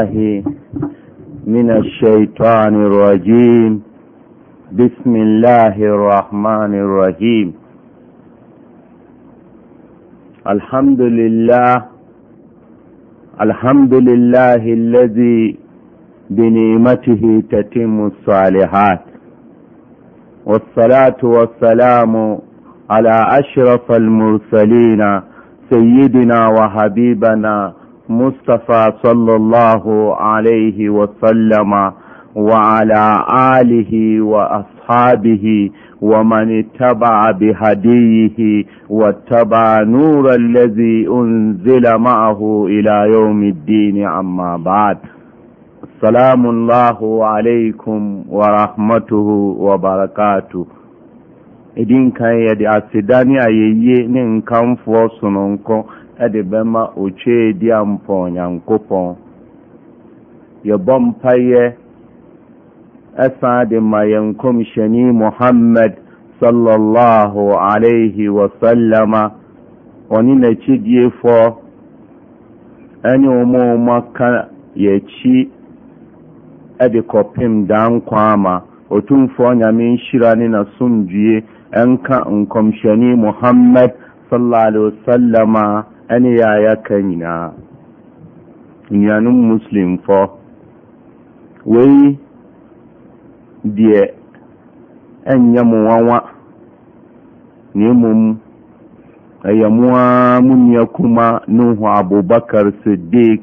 الله من الشيطان الرجيم بسم الله الرحمن الرحيم الحمد لله الحمد لله الذي بنعمته تتم الصالحات والصلاة والسلام على أشرف المرسلين سيدنا وحبيبنا مصطفى صلى الله عليه وسلم وعلى آله وأصحابه ومن اتبع بهديه واتبع نور الذي أنزل معه إلى يوم الدين عما بعد السلام الله عليكم ورحمته وبركاته idin kan إذن كان يدعى السداني أيي ننكم فوصنكم edebema ochie diampọ nyankopɔ yɛbɔ mpayɛ ɛsan de ma yɛn kɔmhyɛni muhammad sallallahu alaihi wasallama ɔne n'akyidiefoɔ ɛne ɔmo ya aka yɛakyi ɛde kɔpem daa nkwa ama ɔtumfoɔ nyame nina ne n'asomdwie ɛnka nkɔmhyɛni muhammad sallallahu alaihi wasallama ẹni ya ya ka nyinaa nnuanom muslimfɔ wei deɛ ɛnyɛ mo nwanwa na mmom ɛyɛ kuma nuhu abubakar sadiq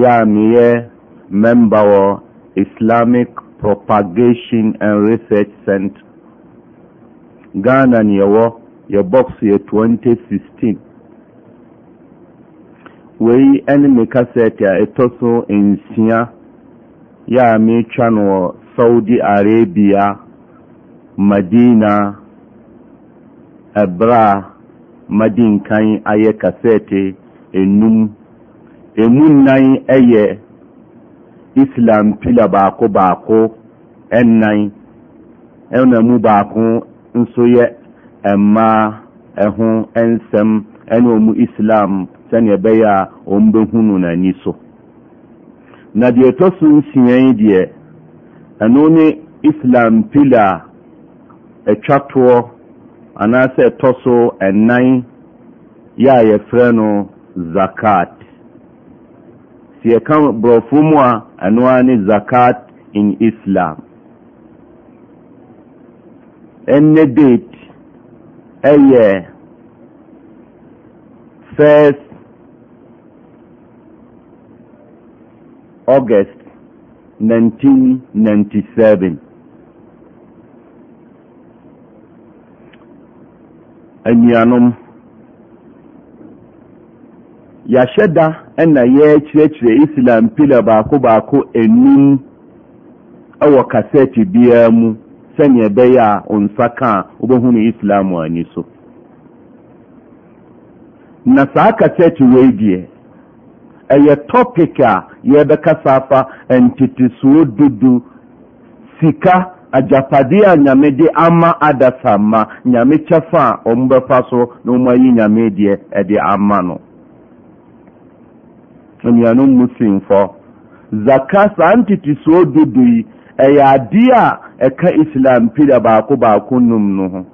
yɛ a meyɛ member islamic propagation and research center ghana neɛwɔ ya box ya 2016 wei ne me kasɛte a ɛtɔ so nsia yɛ a meretwa no wɔ saudi arabia madina ɛberɛ a madinkan ayɛ kasɛte enum emu nnan yɛ islam pila baako baako ɛnnan ɛna mu baako nso yɛ ɛmmaa ɛho ɛnsɛm ɛne ɔmu islam sɛdeɛ ɛbɛyɛ a ɔmbɛhunu noani so na deɛ ɛtɔ so nsia yi deɛ ɛno ne islam pilea ɛtwa toɔ anaasɛ ɛtɔ so ɛnan yɛa yɛfrɛ no zakat si yɛ ka borɔfo mu a ɛno ar ne zakat in islam ɛɛdat ẹyẹ first August nineteen ninety seven anuanom yɛahyɛ da ɛna yɛkyerɛkyerɛ Islam pila baako baako enum ɛwɔ kasɛte biara mu. ebe ɛbɛyɛ a nsaka a ka a wobɛhunu islam ani so na saa kasɛte wei deɛ ɛyɛ topic a yɛbɛkasa afa ntetesoɔ dudu sika agyapadeɛ a nyame de ama adasa ma nyame kyɛfa a ɔmo bɛfa so na ɔmo ayi nyame deɛ ɛde ama no nuanom muslimfɔ zaka saa ntetesoɔ dudu yi ɛyɛ adeɛ a ɛka islam pi de baako baako num no ho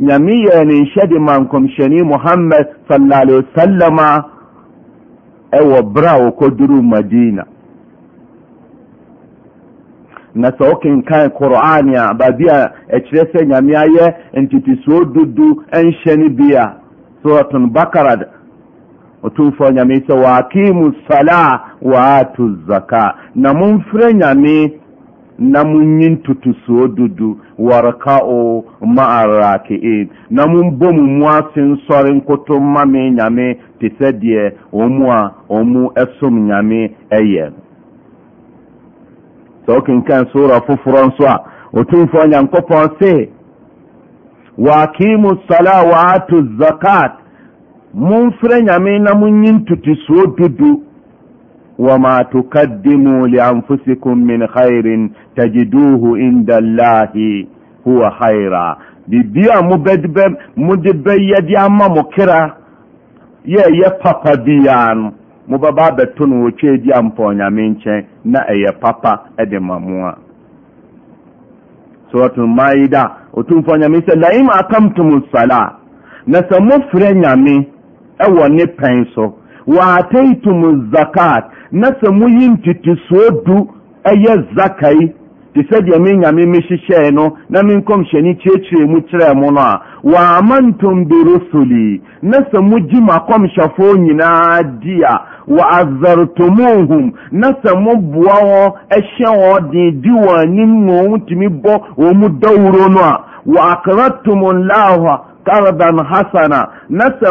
nyame yɛɛ ne nhyɛ de ma nkɔmhyɛni muhammad saala ali wasallama ɛwɔ brɛ wokɔduru madina na sɛ wokenkan qur'ane a baabi a ɛkyerɛ sɛ nyame ayɛ ntete soɔ dudu ɛnhyɛne bi a soratun bakarad ɔtumfaɔ nyame sɛ wa acimu salah waato zaka namomfrɛnyame na mun yin tutusuo dudu waraka o ma'ara ke'e na mun bom muasin sɔre nkoto mami nyame te sɛ deɛ ɔmu a ɔmu ɛsom nyame ɛyɛ sɛ ɔkenkan sora foforɔ nso a ɔtumfoɔ nyankopɔn se waakimu sala waatu zakat momfrɛ nyame na monyi ntutusuo dudu wama تقدموا lianfusikum min khairin tajiduhu inda llahi huwa haira bibia mubedbe bɛyɛde ama mo yeye papa biaa no mobɛba bɛto no wɔtwa nkyɛn na ɛyɛ e papa ɛde e ma mo a suratul maida nyame sɛ laim akamtum sala na sɛ mofrɛ nyame ɛwɔ ne pɛn so w ateitum zakat na sɛ moyi mtite suɔ du ɛyɛ zakae nti sɛdeɛ me nyame mehyehyɛe no na menkɔmhyɛni kyirɛkyirɛ mu kyerɛɛ mo no a wɔamantum berusuli na sɛ mogyi ma kɔmhyɛfoɔ nyinaa di a w azaretumuhum na sɛ moboa wɔ ɛhyiɛ wɔ den di wɔ anim nɔɔ ho tumi bɔ ɔ mu dawuro no a w akradtum laha kardan hasana na sɛ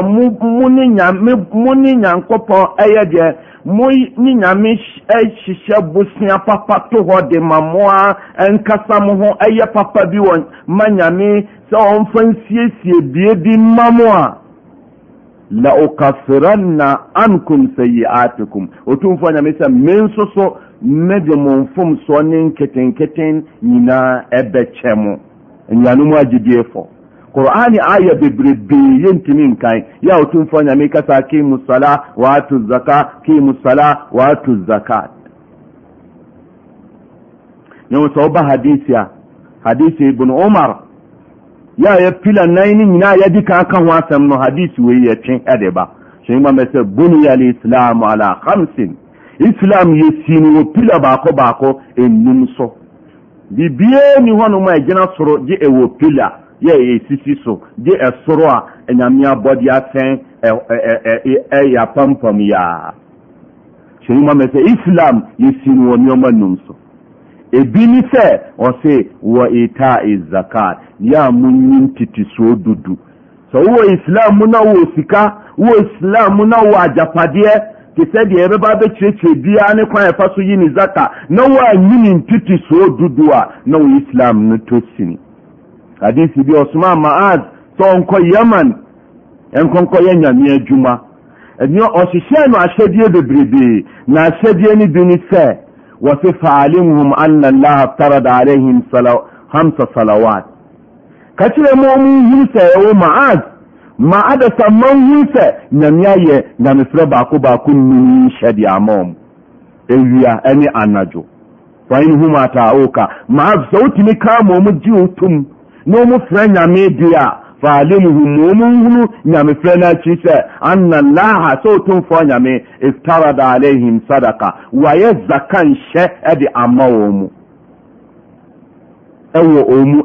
mo ne nyankopɔn ɛyɛ deɛ mo ne nyame hyehyɛ bosea papa to hɔ de ma mmoa ɛnkasa mo ho ɛyɛ papa bi wɔ ma nyame sɛ ɔmfa nsiesie bie bi mma mo a laokafiranna ankum sayiatikum ɔtumfoɔ nyame sɛ me nso so mɛde mo mfomsoɔ ne nketenketen nyinaa ɛbɛkyɛ mo anuanom agyebiefɔ qur'an aya bebrebee yentumi nkan ya otum fa nyamekasa kim sala waatzakaem sala waat zakat eo sɛwoba hadisia adis ibn omar yaya pila nane yinaayadi kaka ho asɛm no hadise wei ya twe ɛde ba soimbaɛsɛ bunia alislam ala hamsin islam yɛ si no wɔ pila baakɔbaakɔ ɛnum so bibio ni hnoma ɛgyena soro gye ɛwɔ pila yɛ yɛ sisi so gye ɛsoro a nyame abɔde asɛn ɛyɛ apampam yaa kyerɛ ma mɛ sɛ islam yɛsi no wɔ nneɔma num so ebi ni sɛ ɔse wɔ ita zakat yɛ a monyi ntitisoɔ dudu sɛ wowɔ islam mu na wowɔ sika wowɔ islam mu na wowɔ agyapadeɛ te sɛ deɛ ɛbɛba bɛkyerɛkyerɛ biara ne kwan ɛfa so yi ne zaka na woanyini ntitisoɔ dudu a na wo islam no tɔ sini adise bia ɔsomaa maas sɛ ɔnkɔ yaman nkɔnkɔyɛ nyame dwuma ɔhyehyɛ no ahyɛdeɛ beberebee na ahyɛdeɛ no bini sɛ wɔse faalimhum ana laha ftarad alihim hamsa salawat ka kyerɛ mom hum sɛ ɛwo maas ma adasamma hum sɛ name ayɛ namefrɛ baakobaak nyɛdeɛmane anaoaoawotum na ɔmofrɛ nyame deɛ a faalimhu ma ɔmunhunu nyamefrɛ no akyiri sɛ anna laha sɛ ɔtomfoɔ nyame iftarada alaihim sadaka waye zaka nhyɛ ɛde ama wɔ mu ɛwɔ ɔ mu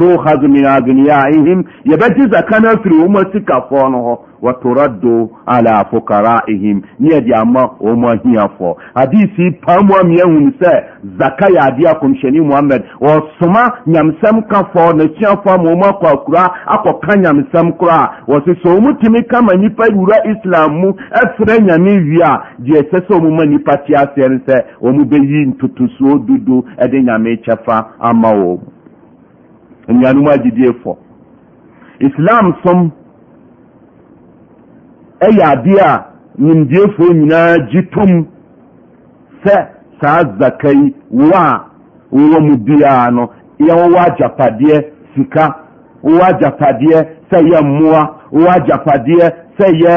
tukhadhu min agniyaihim yɛbɛgye zaka no afiri wɔn asikafoɔ no hɔ watoraddo ala fukaraihim ne yɛde ama wɔn ahiafoɔ hadisi paa mu amia hunu sɛ zaka yɛ adeɛ akɔmhyɛni muhammad wɔsoma nyamsɛm kafoɔ n'asuafoɔ ama wɔn akɔ akura akɔka nyamsɛm kora a wɔsi sɛ wɔn tumi kama nnipa wura islam mu ɛfrɛ nyame wie a deɛ ɛsɛ sɛ wɔn ma nnipa te aseɛ no sɛ wɔn bɛyi ntotosoɔ dudu ɛde nyame kyɛfa ama wɔn. anuanom agyidiefoɔ islam som ɛyɛ adeɛ a nimdiefoɔ nyinaa gye tom sɛ saa zaka yi wɔ a wowɔ mu biara no yɛwɔwɔ agyapadeɛ sika wowɔ agyapadeɛ sɛ yɛ mmoa wowɔ agyapadeɛ sɛ yɛ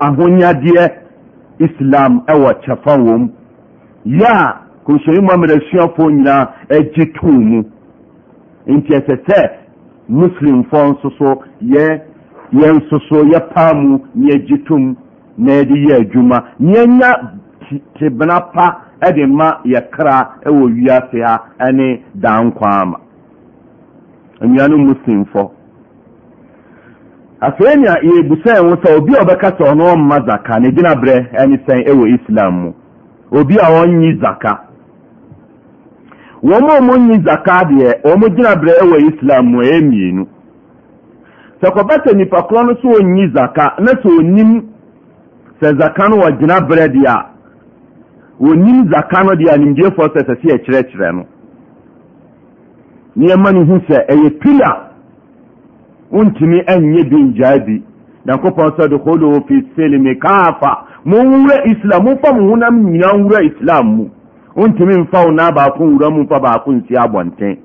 ahonyadeɛ islam ɛwɔ kyɛfa wɔ m yɛ a kɔmhyɛni muhammad asuafoɔ nyinaa agye too mu nti ɛsɛ sɛ muslimfɔ nso so yɛ nso so yɛpaa mu ne yɛgye tom na de yɛ adwuma neɛnya tebena pa ɛde ma kra ɛwɔ wiase ha ɛne daa nkwa ama nnuano muslimfɔ afei nea yɛbu sɛn wo sɛ obi a ɔbɛka sɛ ɔno ɔmma zaka ne gyina berɛ ɛne sɛn ɛwɔ islam mu obi a ɔnyi zaka wɔn a wɔnyi zaka deɛ wɔn gyina berɛ wɔ islam mu ɛyɛ mmienu sɛ kɔbɛsɛ nipa korɔ no so onyi zaka na sɛ nim sɛ zaka no wɔ gyina berɛ deɛ a nim zaka no deɛ animdiefoɔ sɛ sɛ sɛ yɛkyerɛkyerɛ no nneɛma no hu sɛ ɛyɛ pila wontumi anyɛ bi ngyaa bi nyankopɔn sɛ deholoho fi silimi kaafa mowura islam momfa mo honam nyinaa nwura islam mu wontimi mfa wonaabaakowramu a baako nsie abɔnten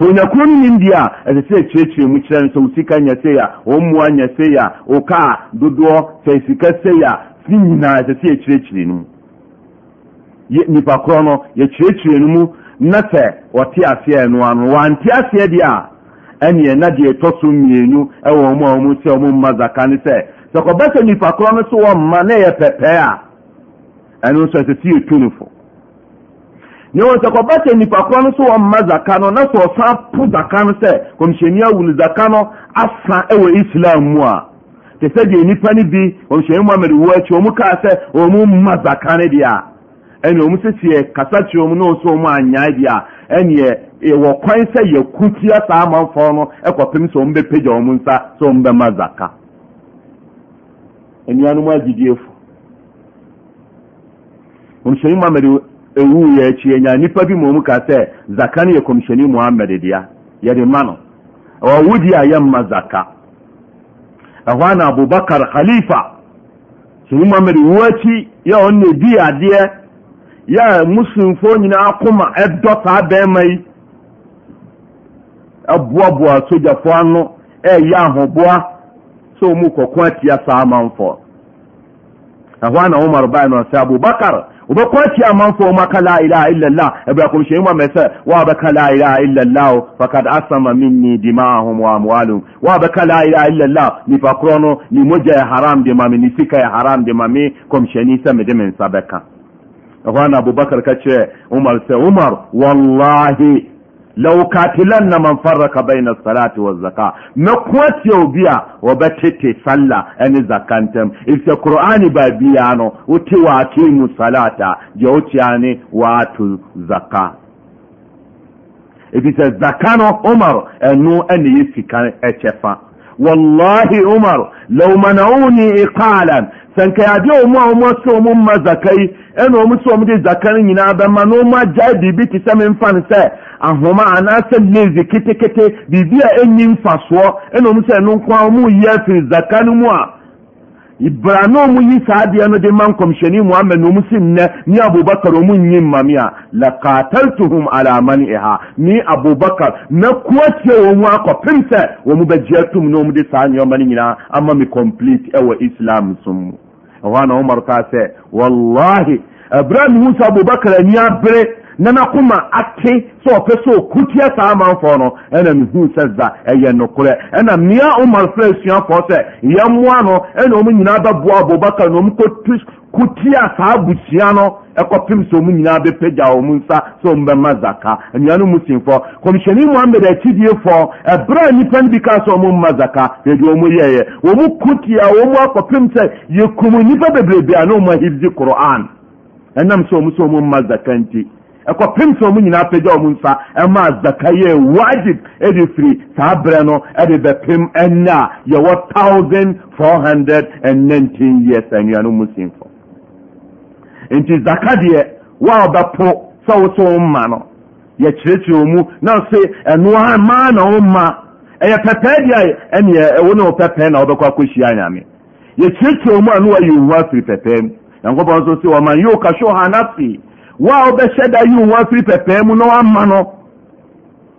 ɛonya kromnim diɛ a ɛsɛ sɛ yɛkyrɛkyeremu kyerɛnosɛosika nya siaɔmoa nya sɛia okdodoɔsɛ sika seia yinaa ɛsɛsɛyɛkyrɛkyir nomunipakr oɛkyrɛkyre nomu na sɛ ɔteaseɛnoaante aseɛ deɛ a ɛne na deɛtɔ so mmienusɛɔmma akane sɛ ɛɔbɛ sɛ nnipakorɔ no so wɔma na ɛyɛ pɛpɛɛ a ɛnosoɛsɛ sɛ yɛtun fo na ɛwɔ sɛ kɔbɛkyɛ nnipa nipa no so zaka no na sɛ ɔsan po zaka no sɛ kɔmhyɛni awu no zaka no ɛwɔ islam mu a te nnipa no bi kɔmhyɛni muhammad wɔ akyi ɔmu kaa sɛ zaka a kasa kyerɛ ọmụ na ɔso ɔmu anyae deɛ a saa amanfoɔ no sɛ nsa sɛ zaka ewu yɛ akyi ɛnya nipa bi mmom ka sɛ zaka no yɛ kɔmhyɛni mohamad dea yɛde ma no di a yɛmma zaka ɛhɔ na abubakar khalifa sɛni mohamad wu ya ọ na edi di adeɛ yɛ muslimfoɔ nyinaa koma ɛdɔ saa bɛrima yi ɛboaboa sogyafoɔ ano ɛyɛ ahoboa sɛ ɔmu kɔko atia saa amanfoɔ ɛhɔ ana omar bae no ɔsɛ abubakar wobɛkɔ akyi amanfoɔ mu aka la ilaha illallah ɛberɛ kɔmhyɛni mu amɛ sɛ woabɛka la ilaha illallah fakad asama minni dimaahum wa amwalum woabɛka la ilaha illallah nipa korɔ no ne mogya yɛ haram de ma me ne sika yɛ haram de ma me kɔmhyɛni sɛ mede me nsa bɛka ɛhɔ ana abubakar ka kyerɛ umar sɛ umar wallahi lao katilanna man faraka bain salat waazaka mɛkoatiɛ wo bi a wɔbɛtete salla ɛne zaka ntam fisɛ kurane baabi ya no wote waakee mu salata gya wotia ne waato zaka fisɛ zaka no omar ɛno ɛneyɛ fi kan ɛkyɛ fa wallahi omar low manaoni ikalan sɛnkayadeɛ o mu amsɛomu ma zaka yi ɛneomu sɛɔm de zaka no nyinaa bɛma noom agyae biibi te same mfano sɛ ahoaanaasɛ levi ketekete biribi a ɛni mfa soɔ ɛnom sɛɛno koa muyɛ firi zaka no mu a bra nomo yi saa deɛ no de ma nkɔmsyani mu ama nom se nnɛ ne abobakar ɔmu yima me a la kataletohom ala maneiha me abobakar makuatia ɔ mu akɔpem sɛ ɔmu bagyea tum no mu de saa nneɔma no nyinaa ama me complete ɛwɔ islam som mu hoan omar ka sɛ wallahi ɛberɛ mehu sɛ abobakar ani aber na n'akoma ate sɛ ɔpɛ sɛ ɔkutia saa amanfoɔ no ɛna mehuu sɛ za ɛyɛ nokorɛ ɛna mmea omar frɛ asuafoɔ sɛ yɛmmoa no ɛna ɔm nyinaa bɛboa abobakar na ɔm kutia saa abusua no ɛkɔpem sɛ ɔm nyinaa bɛpagya ɔ mu nsa sɛ ɔm bɛma zaka anuano mu simfɔ kɔmhyɛni mohammed akyidiefoɔ ɛberɛ a nnipa no bi kaa sɛ ɔmo mma zaka deɛ ɔmo yɛeɛ ɔmo kutia ɔmo akɔpem sɛ yɛkum nnipa bebrebe a na ɔmo ahifzi koran ɛnam sɛ ɔmo sɛ ɔmo mma zaka nti ɛkɔpem sɛ ɔmo nyinaa pagya ɔ mo nsa ɛmaa zaka yɛɛ wagib ɛde firi saa berɛ no ɛde bɛpem ɛnɛ a yɛwɔ 419 years anuano mu simfo nti zaka deɛ woa ɔbɛpo sɛ wo so wo mma no yɛkyerɛkyerɛ wo mu na se ɛnoa maa na wo mma ɛyɛ pɛpɛɛ deɛ ɛneɛ ɛwo ne wo na wobɛkɔ akɔhyia nyame yɛkyerɛkyerɛ wo mu a ne wayɛ ohua firi pɛpɛɛ mu nyankopɔn nso se wɔman yɛoka hwe ha nafsii wa a wobɛhyɛ e da yi wo ho afiri pɛpɛɛ mu na woama no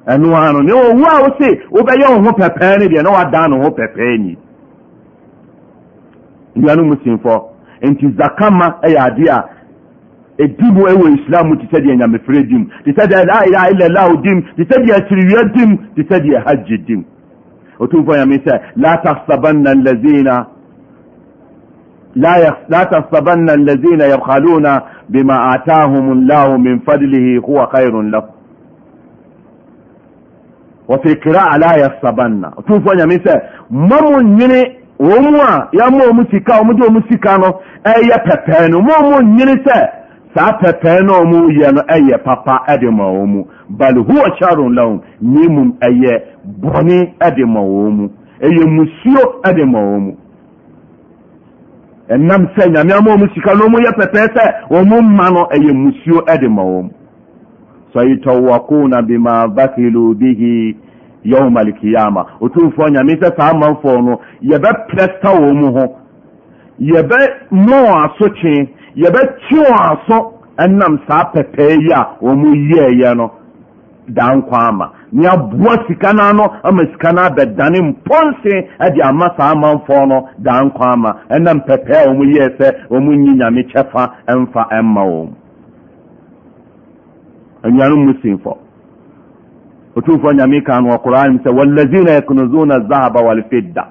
ɛno ara no ni owu a wo se wobɛyɛ wo ho pɛpɛɛ no deɛ na woadaa no ho ni nnuano mu simfɔ nti zakama ɛyɛ e adeɛ a ɛdi mu ɛwɔ islam mu te sɛdeɛ nyamefrɛ di mu te sɛdeɛ e la ilaha illallah di mu te sɛdeɛ akyiriwia di mu te sɛdeɛ hajj di mu ɔtumfoɔ nyame sɛ la tahsabanna la tasabanna alzina ybkaluna bima atahom llah min fadlih howa ayrun lahm ɔfi kiraa la yasabanna ɔtomfoɔ nyame sɛ ma mo nyine ɔ mu a yamɛ omu sikamu deomu sika no ɛyɛ pɛpɛɛ no mamo nyene sɛ saa pɛpɛɛ noɔmu yɛ no ɛyɛ papa ɛde ma ɔ mu bal howa syaron lahm nemum ɛyɛ bɔne ɛde ma ɔ mu ɛyɛ musuo de maɔ ɛnam sɛ nyame ama ɔm sika no ɔmu yɛ pɛpɛɛ sɛ ɔmu mma no ɛyɛ musuo ɛde ma wɔm sayutawakuna bima bakilu bihi yawma alkiyama ɔtumfoɔ nyame sɛ saa amanfoɔ no yɛbɛprɛ sa wɔ mu ho yɛbɛ nɔ aso kyee yɛbɛkye wɔn aso ɛnam saa pɛpɛɛ yi a wɔn yɛɛyɛ no daa nkwa ama neaboa sika nono ma sika no abɛdane mpɔnse de ama saa manf no da nkɔ ama ɛna mpɛpɛɛ a ɔmu yɛe sɛ ɔmu yi nyame kyɛfa mfa ma ɔuansiftmfɔnyameka nkran m sɛ walaina yacnuzuna zahaba waalfidda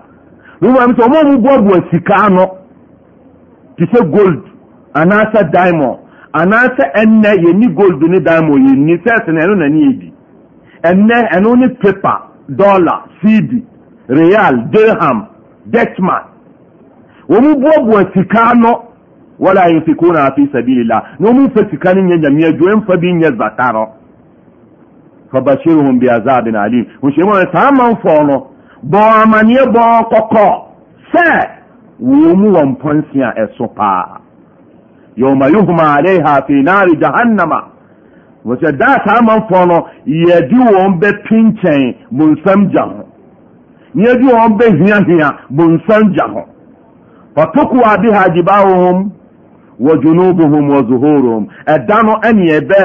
m sɛɔmamboaboa sika no ntɛ sɛ gold anaasɛ dimond anaasɛ ɛnɛ yɛni gold no dimon ɛnnɛ ɛno ne pwaper dɔlar sid real dirham detchman wɔ mu boɔboa e sika no wala yumfiku e na a fi sabili llah na ɔmumfa sika no nyɛ nyamea adwoɛmfa bi nyɛ zata no fa bashirehum bi azabin alim wohyeimuanɛ e saa manfɔɔ no bɔɔ amanneɛ bɔɔ kɔkɔ sɛ wɔ mu wɔmpɔ nsi a ɛso paa yma yuhuma aleiha fi nare jahannama wɔsɛ daa saa amanfoɔ no yɛdi wɔn bɛ pinkyɛn bonsam gya ho di wọn bɛ hiahia bonsam gya ho fatokoa bi ha agyibaawohom wɔ dwonobohom wɔ zohorohom ɛda no ɛneɛ ɛbɛ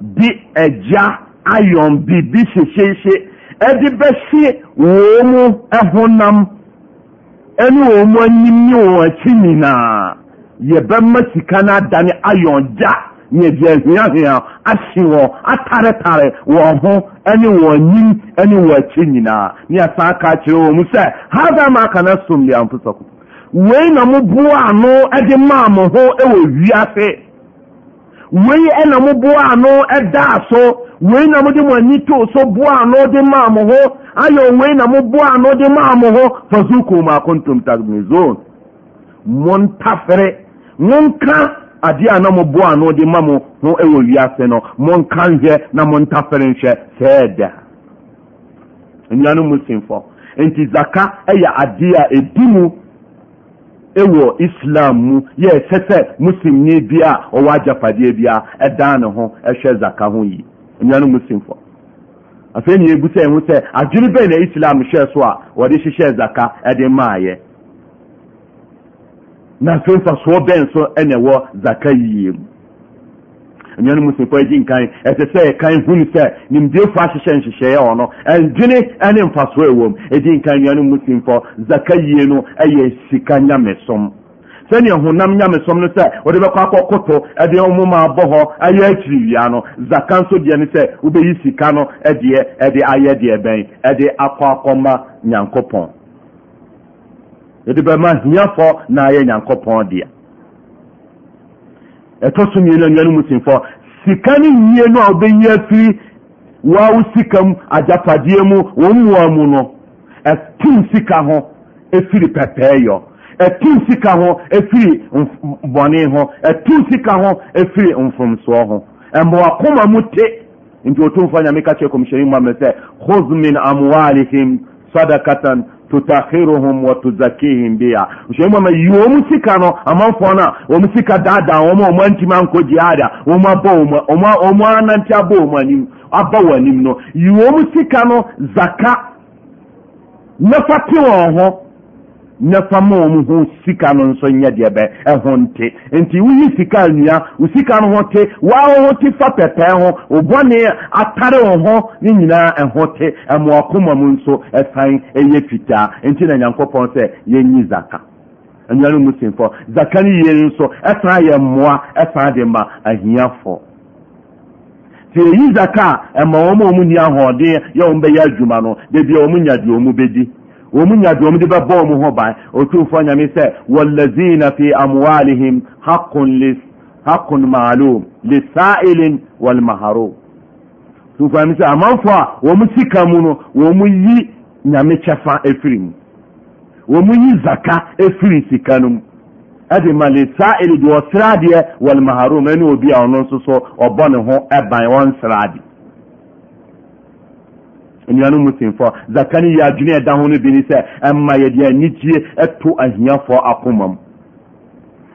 di agya ayɔn hyehyehye hyehyeehye ɛde bɛhye wɔ mu nam ɛne wọn mu anim ne wọn akyi nyinaa yɛbɛma sika no adane ayọn gya yɛgya ahiahia ahye wɔ ataretare wɔn ho ne wɔn nim ne wɔ akyi nyinaa ne yɛsan ka kyerɛ wɔ mu sɛ hada ma aka no som deɛ amfosakom wei na moboa ano de maa mo ho wɔ wiase wei ɛna moboa ano ɛdaa so wei na mode mo ani too so boa ano de maa mo ho ayɛ wei na moboa ano de maa mo ho fa zuko ma akontom tagmizon montafere monka ade a na moboa ano de ma mo ho ɛwɔ wiase no monka nhwɛ na montafere nhwɛ sɛɛ da nnuanom mu simfo enti zaka ɛyɛ adeɛ a ɛdi mu ɛwɔ islam mu yɛ ɛsɛ sɛ musimni bi a ɔwɔ agyapadeɛ bia ɛdan e ne ho ɛhwɛ e zaka ho yi nnuanom mu simfo afei ne yɛbu sɛ ɛho sɛ adwene bɛn na islam hyɛ so a wɔde hyehyɛ zaka ɛde e maayɛ na afei mfasoɔ bɛn so ɛna ɛwɔ zaka yie mu nnuanom nsefo agyi nkan ɛsɛ sɛ ɛkan hunu sɛ nimdiefo ahyehyɛ nhyehyɛeɛ wɔ no ɛndwene ɛne mfasoɔ ɛwɔ mu agyi nkan nnuanom nsefo zaka yie no ɛyɛ sika nyamesom sɛnea honam nyamesom no sɛ wɔde bɛkɔ akɔkoto ɛde ɔmoma abɔ hɔ ayɛ akyiri wia no zaka nso deɛ ne sɛ wobɛyi sika no ɛdeɛ ɛde ayɛ deɛ bɛn ɛde akɔ akɔma nyankopɔn ɛdebɛma hiafɔ naayɛ nyankopɔn dea ɛto so nien anuanomu sim fo sika ne nnie no a wobɛy afiri wa wo sikam adyapadeɛ mu wɔ moa mu no ɛtom sika ho ɛfiri pɛpɛɛyɔ ɛtom sika ho ɛfiri bɔne ho ɛtom sika ho firi mfromsoɔ ho ɛmbaw'akoma mu te ndwowotomfo nyamekakyere comminsioniima me sɛ hosmin amwalihim sadakatan totahirhum watozakihim bia sm ywomu sika no amanfona omu sika dada omaom antim ankoji ara oom ananti abaom anim abawanim no ywomu sika no zaka nafati woho nɛfa ma wɔn ho sika no nso nyɛ deɛ bɛ ɛho nte nti woyi sika nnua wo sika no ho te waa ho te fa pɛpɛɛ ho obɔne atare wo ho ne nyinaa ɛho te ɛmoa koma mu nso ɛsan ɛyɛ fitaa nti na nyankopɔn sɛ yɛnyi zaka anuanom musimfoɔ zaka no yie nso ɛsan yɛ mmoa ɛsan de ma ahiafoɔ nti ɛyi zaka a wɔn a wɔn ni ahoɔden yɛ wɔn bɛyɛ adwuma no beebi a wɔn nya deɛ wɔn bɛdi wɔmu nya doomu de bɛbɔo mu ho ban ɔtumfɔɔ nyame sɛ wallatzina fi amwalihim hakon maalom lesailin walmaharom tumfɔɔ ame sɛ amanfo a wɔm sika mu no wɔmu yi nyame kyɛfa ɛfiri mu wɔmuyi zaka ɛfiri sika no mu ɛde ma le sail deɛ ɔ seradeɛ walmaharom ɛne obi a ɔno nso so ɔbɔne ho ban wɔnsrade anuanom mu sim fɔ zaka no yɛ adwene ɛda ho no bi ni sɛ ɛma yɛdeɛ anigyee to ahiafoɔ akoma mu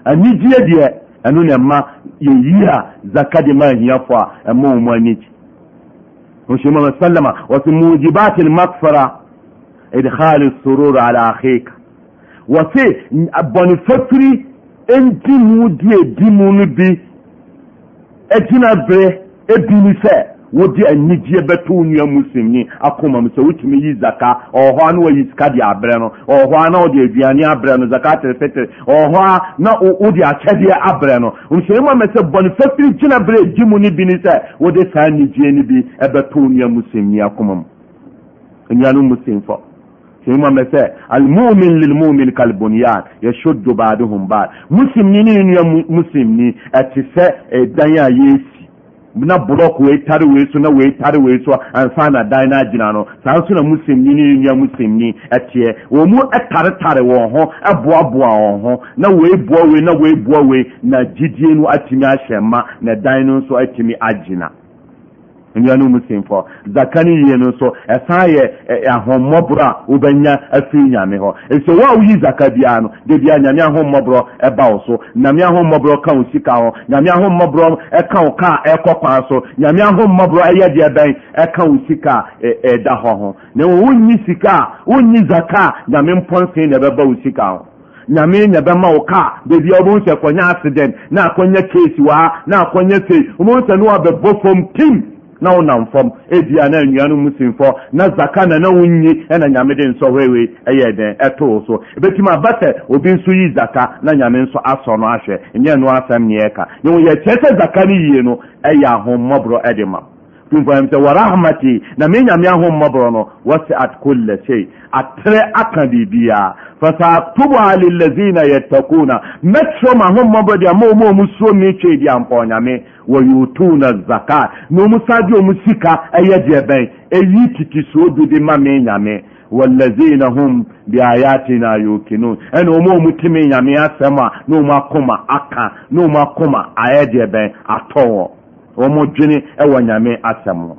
aneyie deɛ ɛno ne ɛma yɛyi a zaka deɛma ahiafoɔ a ɛma o mu anige ohymmsalama wɔse mogibat lmakfara idhal surure ala ahika wɔ se bɔne fafiri ɛndimu deɛ dimu no bi ɛgyina berɛ bini sɛ wode anigyeɛ bɛtɔ nnua muslimni akoma mu sɛ wotumi yi zaka ɔwɔ hɔ a na wayi sika de abrɛ no ɔwɔ hɔ a na wode aduane abrɛ no zaka terefetere ɔwɔ a na wode akyɛdeɛ abrɛ no nhyɛne mu amɛ sɛ bɔne fafiri gyina berɛ ɛgyi mu no bi ne sɛ wode saa anigyeɛ ni bi ɛbɛtɔ nnua muslimni akoma mu nnuanom muslimfɔ sèwọ́n mọ̀ sẹ́ alimumin lilimumin kalibuniyan yẹ sọ́dọ̀ baaduhun baad muslim ni ni nìyẹn muslim ni ẹ ti sẹ́ ẹ dan yà yẹ na block wei tare wei so na witare wei so ansa na dan no agyina no saa nso na musɛmni ne nenua musɛmni ɛteɛ ɔ mu ɛtaretare wɔn ho ɛboaboa wɔn ho na wi boaei na wiboawei na gyidie no atumi ahyɛ ma ne dan no nso atumi agyina nnuanomu simfɔ zaka no yie no nso ɛsan yɛ ahommɔborɔ a wobɛnya afii nyame hɔ ɛsɛwoawoyi zaka biara no dianame ahorɔ ba wo so aɔa khaka okɔa so nam horɔɛyɛ debɛn ka wo sika da hɔho wo skawoi akaa name mpɔa bɛba wo sikah amenaɛma oka bdi oɛh ɛkɔa asedent naakya kese anaa seioɛh sɛnbɛbɔfm i na nam fam ɛdi a na anuanom na zaka na na wonnyi ɛna nyame de nsɔ hɔ ɛyɛ dɛn ɛtoo so ɛbɛtumi aba obi nso yi zaka na nyame nso asɔ no ahwɛ nyɛ no asɛm neɛ ɛka yɛwɔ sɛ zaka no yie no ɛyɛ ahommɔborɔ ɛde ma sɛ wa rahmati na me nyame ahomaborɔ no wasiat kula shei aterɛ aka biribia fa sa aktoboa lilazina yattakuna mɛtyrɛma ahoabrɔ de mamm suo me twe di anpɔnyame wa yotuna azakat naomu sa de omu sika ɛyɛ deɛ bɛn ɛyi titi soodu de ma me nyame wallazina hum biayatina yokinuon ɛneɔmoomu teme nyame asɛm a ne m akoma aka nem akoma ayɛ deɛ bɛn atɔwɔ wɔmɔdwene ɛwɔ nyame asɛm no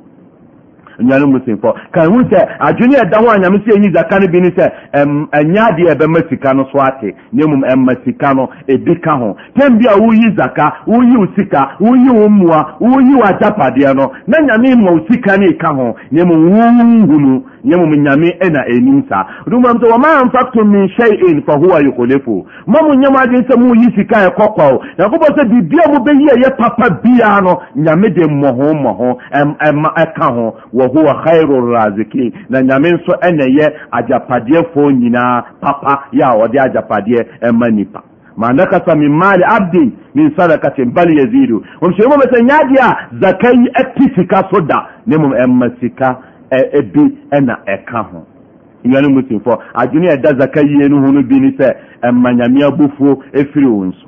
nnuanom musimfo kan hu sɛ adwene ɛda ho a nyame sɛ ɛnyi zaka no bi ne sɛ ɛnyɛ adeɛ ɛbɛma sika no so ate na mmom ɛma sika no ɛbi ka ho tɛm bi a woyi zaka woyi wo sika woyi wo mmoa woyi wo agyapadeɛ no na nyame ma wo sika no ɛka ho na mmom wonhu mu na mmom nyame ɛna ɛnim saa domam sɛ wɔma amfacto min shyin fa howa yokolepo ma mo nyɛm adwene sɛ moyi sika ɛkɔkɔw nyankopɔn sɛ biribia mobɛyi ɛyɛ papa biara no nyame de mmɔho mmɔho ɛka ho wɔ wahuwa khairu raziki na nyame nso ɛna ɛyɛ agyapadeɛfoɔ nyinaa papa yɛ a wɔde agyapadeɛ ɛma nipa manakasa min mali abdin min sadakatin bal yazidu wɔm hyɛ mmom sɛ a zaka yi ɛpi sika e, so da ne mmom ɛma sika ɛbi ɛna ɛka ho nnuane musimfoɔ adwene a ɛda zaka yie no ho no bi ne sɛ ɛma nyame abufuo ɛfiri wo nso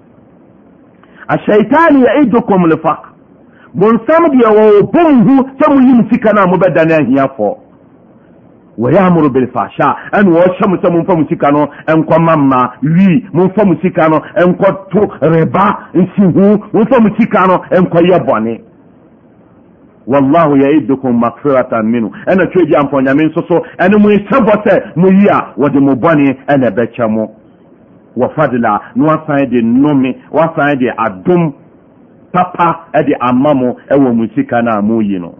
ashaitani yaidukum lefak mo nsam deɛ wɔwɔ bom hu sɛ moyim sika no a mobɛda no ahiafoɔ wɔyɛamoro bilfahya ɛne wɔhyɛ mo sɛ momfa mo sika no ɛnkɔ mamma wii momfa mo sika no ɛnkɔto reba nsihu momfa mo sika no ɛnkɔyɛ bɔne wallahu yaidukum magfiratan minhu ɛna twɛ bi ampɔ nyame nso so ɛne mo nhyɛ bɔ sɛ moyi a wɔde mo bɔne ɛna ɛbɛkyɛ mo wɔ na wasan de nnome wasan de adom papa ɛde ama mo ɛwɔ mo sika no a moyi no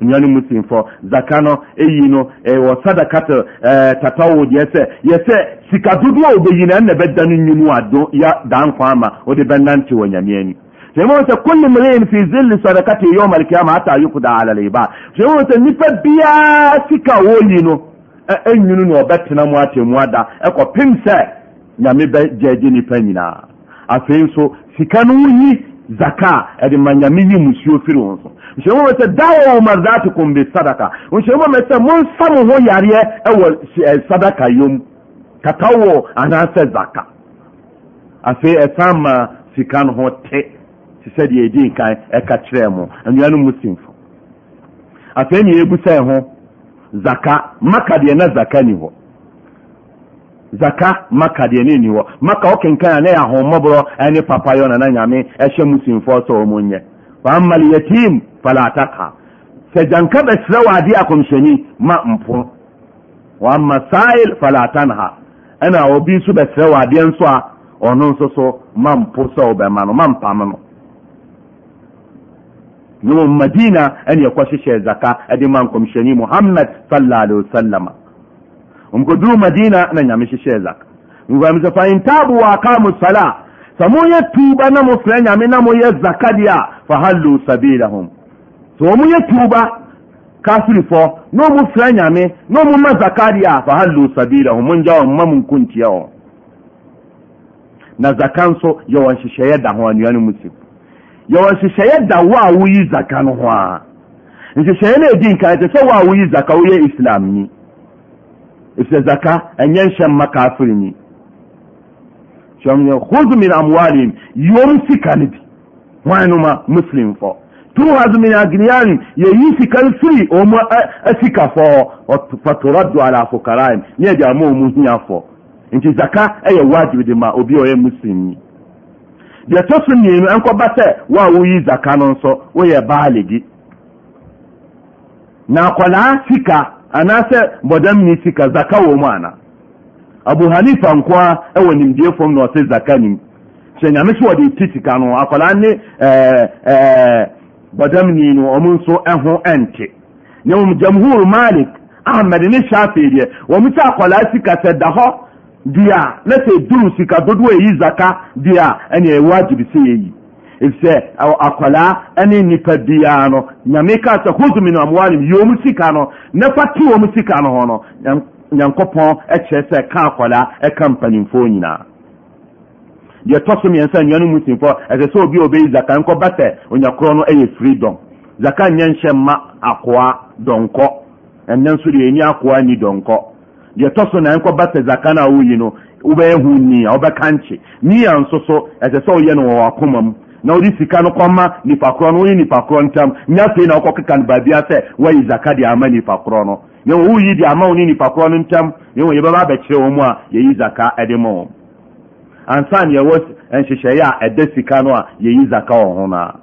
nnuane mu simfo zaka no ɛyi no ɛwɔ sadakato ɛɛ tatawo deɛ sɛ yɛsɛ sika dodoɔ a obɛyi na ɛna bɛda no nwunu ado ya dan kwan ama wɔde bɛnante wɔ nyame ani sɛmɛwɔ sɛ kulle mrɛin fi zilli sadakati yom alkiyama hata yukuda ala liba sɛmɛwɔ sɛ nnipa biaa sika a wɔyi no ɛnwunu na ɔbɛtena mu atemu ada ɛkɔpem sɛ nyame bɛgyaagye nnipa nyinaa afei nso sika no woyi zaka ɛde ma nyame yi musuo firi wo so nhyɛmu mɛ sɛ dawo marzatikum bi sadaka nhyɛmu mɛ sɛ monsa mo ho yareɛ ɛwɔ sadaka yom kakawɔ anaasɛ zaka afei ɛsan ma sika no ho te te sɛ deɛ ɛdi nkan ɛka kyerɛɛ mo anua no mu simfo afei neɛ ɛbu sɛ zaka maka deɛ na zaka ni hɔ zaka maka deɛ neni wɔ maka okenkan ana yɛahommɔborɔ ɛne papayɔnna nyame ɛhyɛ musimfɔ sɛɔ mu yɛ ɔama lyatim fala takha sɛ yanka bɛsrɛ wɔadeɛ akɔmsyani ma mpo ama sail fala tanha ɛnaɔbi so bɛsrɛwɔadeɛ nso a ɔno soso ma mpo sɛo bɛma no mapano no nommadina ɛneɛkɔhyehyɛɛ zaka ɛde ma nkɔmyɛni mohamad saala li wasalam omukozi madina na nanyamishisheezaka ngugambisa fa intabu wa akamu sala samuye tuba na namufira nyami na muye zakadia fahallu sabilahum so muye tuba kafiri fo n'omufira nyame n'omuma zaka lya fahallu sabilahum munjawo muma munkuntiyawo na zaka nso yɛwɔnhyehyɛeɛ da ho anua no mu si yɛwɔnhyehyɛeɛ da wo a woyi zaka no ho a nhyehyɛeɛ no ɛdi nka ɛte sɛ wo a woyi zaka ɛfisɛ zaka ɛnyɛ nhyɛ mma kafiri ni sɛmɛ min amwalihim yom e, e sika no bi hwan no ma muslimfɔ min agniyanim yɛyi sika no firi ɔmu asikafɔ fatoraddu ala fukaraim ne ɛde ama ɔmu hiafɔ nti zaka ɛyɛ e wajib de ma obi ɔyɛ muslim ni deɛ ɛtɔ so mmienu ɛnkɔba sɛ wo a woyi zaka no nso woyɛ baaligi na akwadaa sika anaasɛ bɔdɛm si sika zaka wɔ mu ana abu hanifa nko a ɛwɔ nimdiefoɔ m na ɔse zaka nim sɛ nyame sɛ wɔde ti sika no akwadaa ne bɔdam ni no ɔmo nso ɛho ɛnte na mmom jamhur malik ahmed ne shafii deɛ wɔm sɛ akwadaa sika sɛ da hɔ deɛ a na sɛ duru sika dodoɔ ɛyi zaka deɛ a ɛneɛ ɛwɔ agyibi sɛ yɛyi ɛfisɛ uh, akwadaa ne nnipa biara no nyame ka sɛ hodu e mi no amoanim yɛ sika no na fa te ɔm sika no ho no nyankopɔn kyerɛ sɛ ka akwadaa ɛka mpanimfoɔ nyinaa deɛ ɛtɔ so mmiɛnsa nnuano mu simfoɔ ɛsɛ sɛ obi a obɛyi zaka nkɔba sɛ onyakorɔ no ɛyɛ freedom zaka nyɛ nhyɛ ma akoa dɔnkɔ ɛnɛ nso deɛ ɛni akoa ni dɔnkɔ deɛ ɛtɔ so na nkɔba sɛ zaka no a woyi no wobɛyɛ ho ni a wobɛka nkye ni a nso so ɛsɛ sɛ woyɛ no wɔ wakoma mu na wode sika no kɔma nipa korɔ no woyi nipa korɔ ntam nya na wokɔkeka no baabia sɛ woayi zaka de ama nipa korɔ no yɛwɔ woyi de ama wo ne nipa korɔ no ntam yɛwɔ yɛbɛba abɛkyerɛ wɔ mu a yɛyi zaka de ma wɔn ansa ne yɛwɔ nhyehyɛeɛ a ɛda sika no a yɛyi zaka wɔ ho no a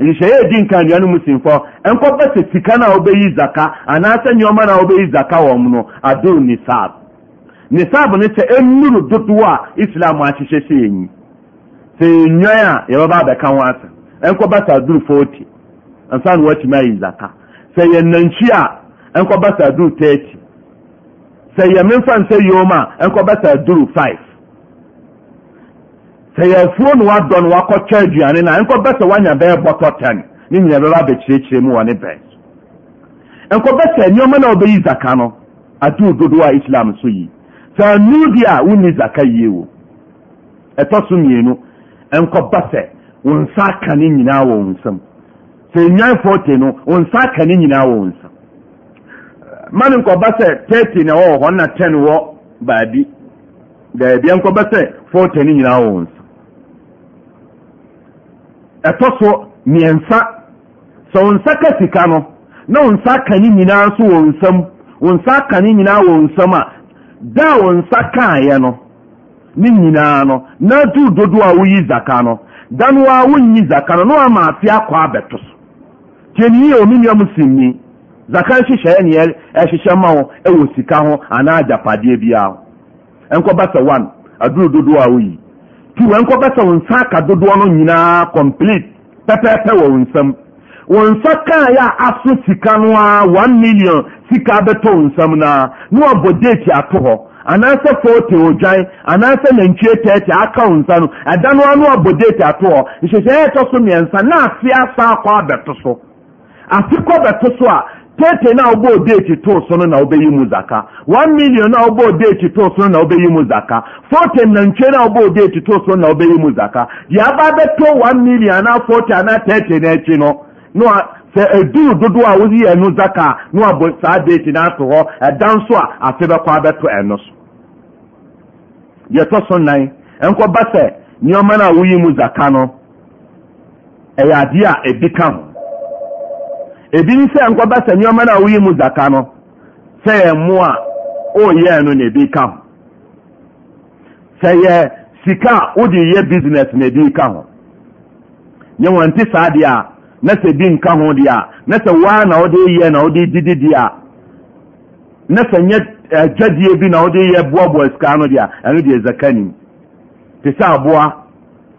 nka nnua no mu simfɔ ɛnkɔbɛ sɛ sika no a zaka anaasɛ nneɔma no a zaka wɔ mu no nisab nisab no sɛ ɛnuru dodoɔ a islam ahyehyɛ sɛ ɛnyi sɛ nnwan a yɛbɛba abɛka ho ase ɛnkɔba saa duru forty ansa na ayi zaka sɛ yɛ nantwi a ɛnkɔba saa duru thirty sɛ yɛ memfa nsɛ yom a ɛnkɔba saa duru five sɛ yɛ afuo na wadɔ no wakɔtwa aduane no a ɛnkɔbɛ sɛ woanya bɛyɛ bɔtɔ ten ne nyina bɛba abɛkyerɛkyerɛ mu wɔ ne bɛn ɛnkɔbɛ sɛ nneɔma na ɔbɛyi zaka no aduru dodoɔ a islam so yi sɛ anu di a wonni zaka yie wo ɛtɔ so mmienu ɛnkɔba sɛ wo nsa aka ne nyinaa wɔ wo nsam sɛ nwan 40 no wo nsa aka ne nyinaa wɔ wo nsam ma no nkɔba sɛ 30 na wɔwɔ hɔ na 10 wɔ baabi daabi ɛnkɔba sɛ 40 no nyinaa wɔ wo nsam ɛtɔ so mmiɛnsa sɛ wo nsa ka sika no na wo nsa aka ne nyinaa nso wɔ nsam wo nsa aka ne nyinaa wɔ nsam a da wo nsa kaeɛ no ne nyinaa no n'aduru dodoɔ a woyi zaka no da no a wonyi zaka no na wama ase akɔ abɛto so tieniyi a omi nua mu sinmi zaka nhyehyɛ ne ɛhyehyɛ ma wo ɛwɔ sika ho anaa agyapadeɛ biara nkɔba sɛ one aduru dodoɔ a woyi two nkɔba sɛ nsa aka dodoɔ no nyinaa complete pɛpɛɛpɛ wɔ nsam wo nsa kaeɛ a asụ sika no a one million sika bɛtɔ nsam no a na wabɔ date ato hɔ anaasɛ fɔɔte ogyan anaasɛ nantwie tɛɛtɛ aka wo nsa no ɛda no ano abɔdeete ato hɔ nhyehyɛeɛ ɛtɔ so mmiɛnsa na afe asa akɔ abɛto so afe kɔ bɛto so a tɛɛtɛ no a wobɔɔ deeti too so no na wobɛyi mu zaka one million a wobɔɔ deeti too so no na wobɛyi mu zaka fɔɔte nantwie no a wobɔɔ deeti too so no na wobɛyi mu zaka deɛ aba bɛto one million anaa fɔɔte anaa tɛɛtɛ no akyi no a sɛ eduru dodoɔ a woyi ɛno zaka n'o wabɔ saa deeti no ato hɔ ɛda nso a afe bɛkɔ abɛto ɛno so deɛ ɛtɔ so nnan ɛnkɔba sɛ nneɔma no a woyi mu zaka no ɛyɛ adeɛ a ɛbi ka ho ebi n sɛ nkɔba sɛ nneɔma no a woyi mu zaka no sɛ yɛ mmo a ɔreyɛɛ no na ebi ka ho sɛ yɛ sika a wode yɛ business na ebi ka ho nyɛ wɔn nte saa deɛ a na sɛ bi nka ho deɛ a na sɛ waa na wode yɛ na wode didi deɛ a na sɛ nyɛ agyadeɛ bi na wode yɛ boaboa sika no deɛ a ɛno deɛ zaka nim te sɛ aboa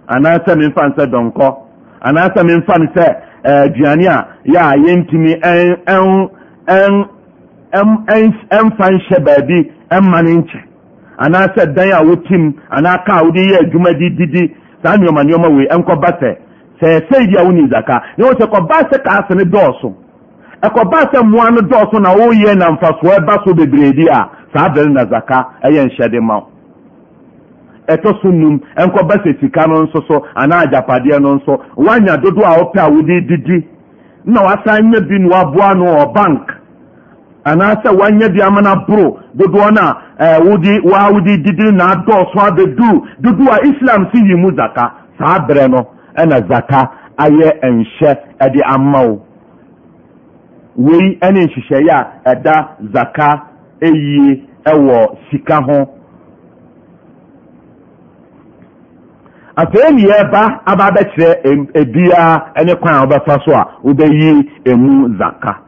anaasɛ memfa no dọnkọ dɔnkɔ anaasɛ memfa no sɛ e, aduane a ya yɛa yɛntumi ɛmfa nhyɛ baabi ɛmma no nkyɛ anaasɛ dan a wotim anaa ka wode yɛ adwuma di didi saa nneɔma nneɔma wei ɛnkɔba sɛ sɛ ɛsɛi di a woni zaka ne wo sɛ kɔba sɛ kaa se ne dɔɔso ɛkɔba sɛ mmoa no dɔɔso na woyɛ na mfasoɔ ɛba so bebreedi a saa bere na zaka ɛyɛ nhyɛde ma ɛtɔ so num ɛnkɔba sɛ sika no nso so anaa agyapadeɛ no nso woanya dodoɔ a wopɛ a wode didi na wasan nya bi no waboa no wɔ bank anaasɛ woanya bi amana boro dodoɔ no a wode waa wode didi na adɔɔso abɛduu dodoɔ a islam si yi mu zaka saa bere no ɛna zaka ayɛ nhyɛ ɛde ama wo wei ne nhyehyɛeɛ a ɛda zaka ɛyie ɛwɔ sika ho afei neyɛ ba aba bɛkyerɛ ebiaa ne kwan a wobɛfa so a wobɛyi ɛmu zaka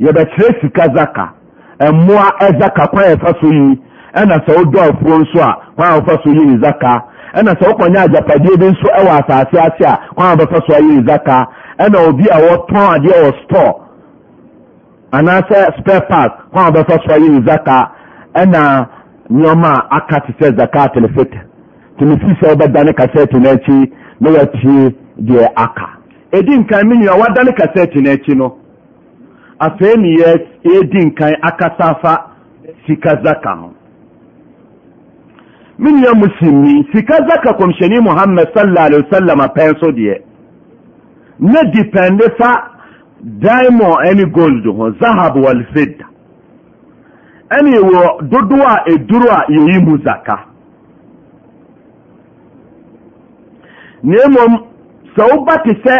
yɛbɛkyerɛ sika zaka ɛmmoa ɛzaka kwan a ɛfa so yi ɛna sɛ wodɔ afuo nso a kwan a wofa so yi ne zaka ɛna sɛ wokɔnya agyapadeɛ bi nso ɛwɔ asase ase a kwan a wobɛfa so ayi ne zaka ɛna obi a wɔtɔn adeɛ wɔ store anaasɛ spare park kwan a bɛfa so ayɛ zaka ɛna a aka te sɛ zaka telefita nti mefi sɛ wobɛdane kasɛte no akyi na watie deɛ aka ɛdi nkan me nua woadane kasɛte no akyi no afei ne yɛ ɛdi nkan akasa afa sika zaka ho me nua musimni sika zaka kɔmhyɛni apɛn so deɛ dipɛnde fa dimon ɛne gold ho zahab walfidd ɛne yɛwɔ dodoɔ a ɛduro a yɛyi mu zaka neɔ mom sɛ woba te sɛ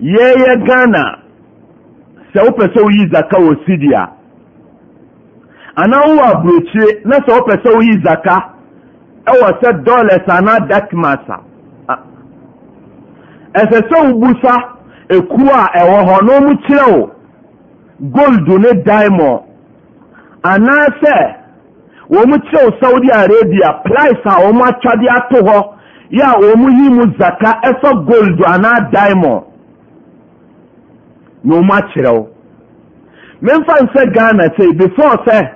yɛyɛ ghana sɛ wopɛ sɛ woyi zaka wɔ sidi a anaa wowa aborokyire na sɛ wopɛ sɛ wo yi zaka ɛwɔ sɛ dɔlɛsaana dakmas a ɛsɛ sɛ wo bu sa ekuo a ɛwɔ hɔ na ɔmu kyerɛw wo gold ne diamond anaasɛ wɔn mu kyerɛ wo saudi arabia price a atwa atwadeɛ ato hɔ yɛ a wɔn mu yi mu zaka ɛsɔ gold anaa diamond na wɔn akyerɛ wo mmefa nsɛ ghana sɛ before sɛ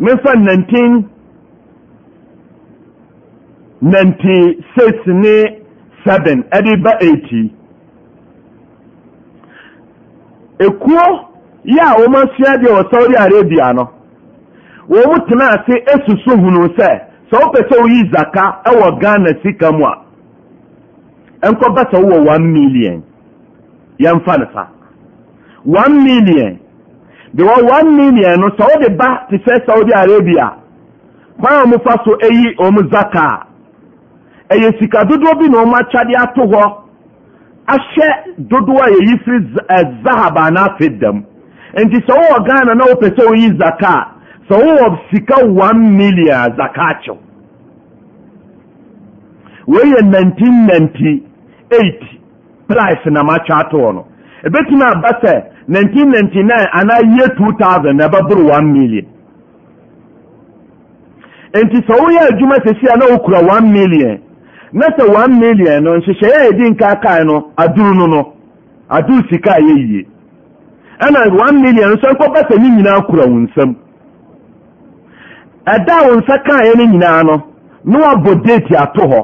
mmefa nineteen ninety six ne. 7 ɛde ba 8 ekuo yi a wɔmasua deɛ wɔ saudi arabia no wɔ tena ase suso hunu sɛ sɛ wopɛ sɛ woyi zaka ɛwɔ ghana sika mu a ɛnkɔba sɛ wowɔ one million ya no fa one million bɛwɔ one million no sɛ wode ba te sɛ saudi arabia kwan a mofa so ɛyi zaka a ɛyɛ sika dodoɔ bi na ɔma akyade ato hɔ ahyɛ dodoɔ a yɛyi firi eh, zahaba anaafe dam nti sɛ wowɔ ghana na wopɛ sɛ woyi zaka a sɛ wowɔ sika 1 million a zaka akyew wei 1998 price na matwa atoɔ no ɛbɛtumi aba sɛ 1999 anaa year 2000 na ɛbɛboro 1 million nti sɛ woyɛ adwuma sɛsi a na wokura 1 million nasa one million no nhyehyɛ yɛ di nka kae no aduru no no aduru sika a yie ɛna one million no nso nkɔ basa ne nyinaa kura wɔn nsam ɛda a wɔn nsa kaeɛ no nyinaa no na wabɔ date ato hɔ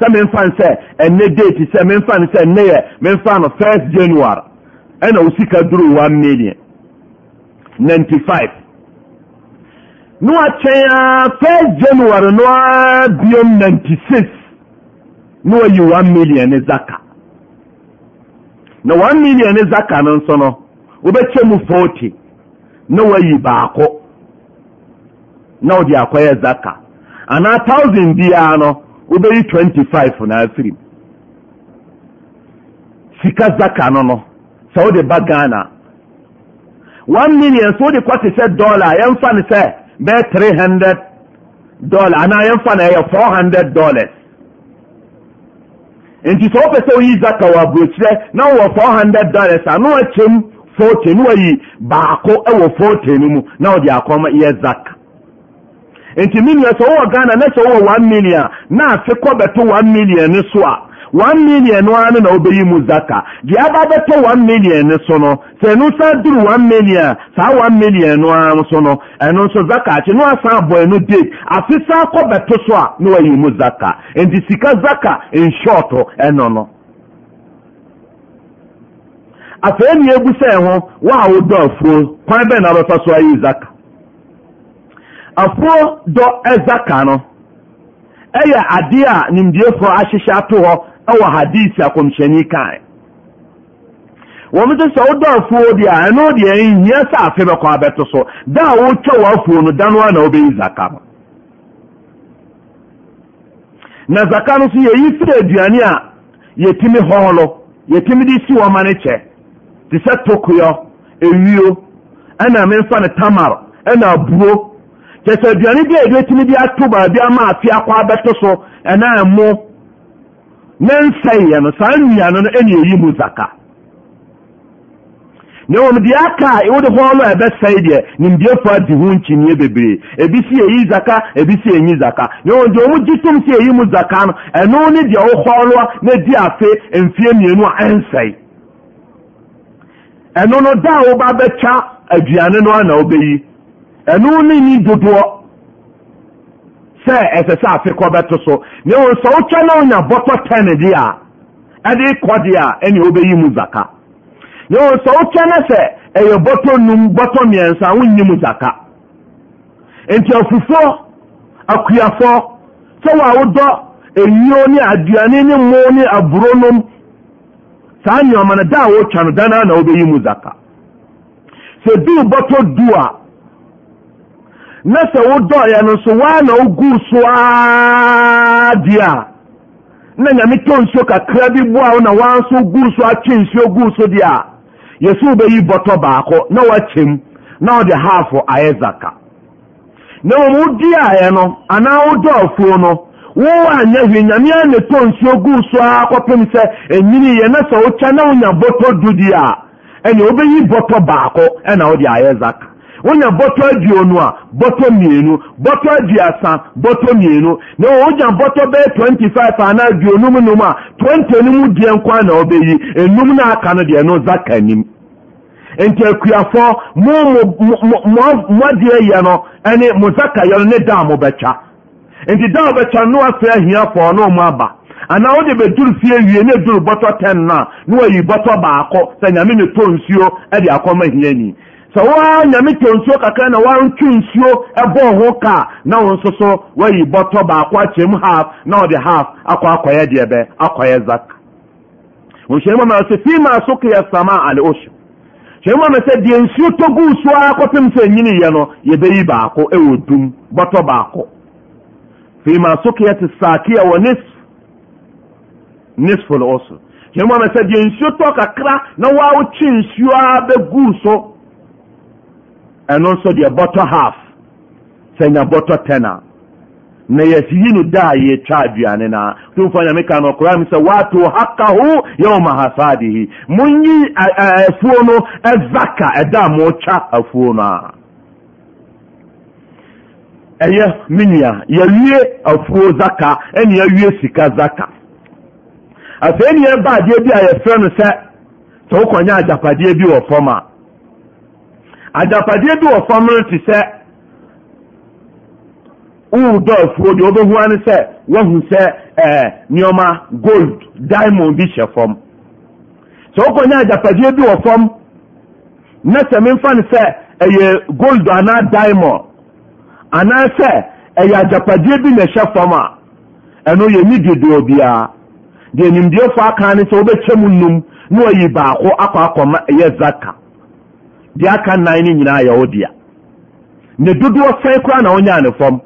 sɛ memfa no sɛ ɛnɛ date sɛ memfa no sɛ ɛnɛ yɛ memfa no first january ɛna wo sika duru one million ninety five na wakyɛn a first january no a biom ninety six woayi 1ne million ne zaka na one million ne zaka no nso no wobɛkyɛ mu fo0y na woayi baako na wo de akɔyɛ zaka anaa tousand biara no wobɛyi twenty fiv fonoa firim sika zaka no no sɛ wo de ba ghana one million so wo de kwɔke sɛ dɔllar yɛmfa no sɛ bɛɛ three hundred dɔllar anaa yɛmfa no ɛyɛ four hundred dɔllars nti sɛ wopɛ oyi zaka wɔ aburokyerɛ na wowɔ 400 dollars a na wakyɛm 40 na baako wɔ 40 no mu na wode akɔma yɛ zaka nti menua sɛ ghana na sɛ million na afe kɔ one million no a one million ano na wobɛyi zaka deɛ aba bɛtɔ one million ne duru million saa one million no ara so zaka a no asan abɔ enu date afe saa a na mu zaka nti sika zaka nhyɔɔto ɛno no afei ne yɛbu sɛ ho afuo kwan na wobɛfa so ayi zaka afuo no a ahịhịa ɛwɔ hadisi akɔmhyɛni kae wɔm te sɛ wo dɔ afuo deɛ a ɛno deɛ nhia sɛ afe bɛkɔ abɛto so da a wotwa w'afuo no da no a na wobɛyi zaka no na zaka no so yɛyi firi aduane a yɛtumi hɔholo yɛtumi de si wɔma no kyɛ te sɛ tokoyɔ ewio ɛna memfa no tamar ɛna Buo. kyɛ sɛ aduane bi a yɛde tumi de ato baabi ama afe akɔ abɛto so ɛna ɛmo ne nsɛnyɛ no saa nnuane no ɛna-eyi mu zaka na wɔn deɛ aka a wode hɔ no a ɛbɛsɛe deɛ nimdeɛfo di ho nkyinniɛ bebree ebi si ɛyi zaka ebi si enyi zaka na mmom deɛ ɔmo gye tom si ɛyi mu zaka no ɛno ne deɛ wohɔ no a na di afe mfeɛ mmienu a ɛnsɛe ɛno no da a woba bɛtwa aduane no a na wobɛyi ɛno ne ni dodoɔ sɛ ɛsɛ sɛ afe kɔ bɛto so na ɛwɔ sɛ na wonya bɔtɔ tɛne deɛ a ɛde kɔ deɛ a ɛne wobɛyi mu zaka na ɛwɔ sɛ wotwa na sɛ ɛyɛ bɔtɔ num bɔtɔ mmiɛnsa wonnyi mu zaka nti afufoɔ akuafoɔ sɛ wɔ a ne aduane ne mmo ne aburo nom saa nneɛma no da a no na wobɛyi mu zaka sɛ bɔtɔ du a na sɛ wodɔɔeɛ no nso waa na woguu so aa a na nyame tɔ nsuo kakra bi boa na waa nso guu so atwe nsuo so deɛ a yɛsɛ wobɛyi bɔtɔ baako na woakyɛm na wode haafo ayɛ zaka na mmom wodi aeɛ no anaa no anyɛ hwee nyame a ne tɔ nsuo so a kɔpem sɛ na sɛ na wonya bɔtɔ du deɛ a wobɛyi bɔtɔ baako ɛna wode ayɛ zaka wonya bɔtɔ aduonu a bɔtɔ mmienu bɔtɔ aduasa bɔtɔ mmienu na wonya bɔtɔ bɛyɛ twenty five anaa aduonum num a twenty no mu deɛ nkwa na ɔbɛyi enum na aka no deɛ no nsa ka anim nti akuafoɔ mo mo mo adeɛ yɛ no ɛne mo nsa ka yɛ no ne daa mo bɛtwa nti daa bɛtwa no afei ahiafoɔ no aba anaa wode bɛduru fie wie ne duru bɔtɔ ten no a na wayi bɔtɔ baako sɛ nyame ne tɔ nsuo de akɔma ahiani sɛ woa nyame tɔ nsuo kakra na woantwe nsuo ɛbɔɔ ho ka na wo nso so woayi bɔtɔ baako akyɛm half na ɔde half akɔ akɔyɛ deɛ bɛ akɔyɛ zak wɔhyɛnim ama sɛ fima sokeɛ sama ale ohyɛ hyɛnim ama sɛ deɛ nsuo tɔ guu so ara kɔpem sɛ nyiniyɛ no yɛbɛyi baako ɛwɔ dum bɔtɔ baako fima sokeɛ te saakeɛ wɔ nisf nisfo le ɔso hyɛnim ama sɛ deɛ nsuo tɔ kakra na woa wokye nsuo ara bɛguu so ɛno nso deɛ bɔtɔ half sɛ nya bɔtɔ ten a na yɛyi no da a yɛtwa aduane no a tumfoɔ nyame ka no ɔkora mu sɛ waato hakaho yawma hasadehi monyi afuo no ɛzaka ɛda a motwa afuo no a ɛyɛ me nua yɛwie afuo zaka ɛne yɛwie sika zaka afei ne yɛba adeɛ bi a yɛfrɛ no sɛ sɛ wokɔnya agyapadeɛ bi wɔ fam a agyapadeɛ bi wɔ fam no te sɛ wowo dɔ afuo deɛ wobɛhu a ne sɛ woahu sɛ eh, nneɔma gold diamond bi hyɛ fam sɛ wokɔnya agyapadeɛ bi wɔ fam na sɛ memfa no sɛ ɛyɛ gold anaa diamond anaa sɛ ɛyɛ agyapadeɛ bi na ɛhyɛ fam a ɛno yɛni dodoɔ biara deɛ nimdeɛfoɔ aka ne sɛ wobɛkyɛ mu num na wayi baako akɔ akɔma ɛyɛ zaka deɛ aka nnan ne nyinaa yɛwo dea ne dodoɔ sɛe koraa na wonyaa ne fam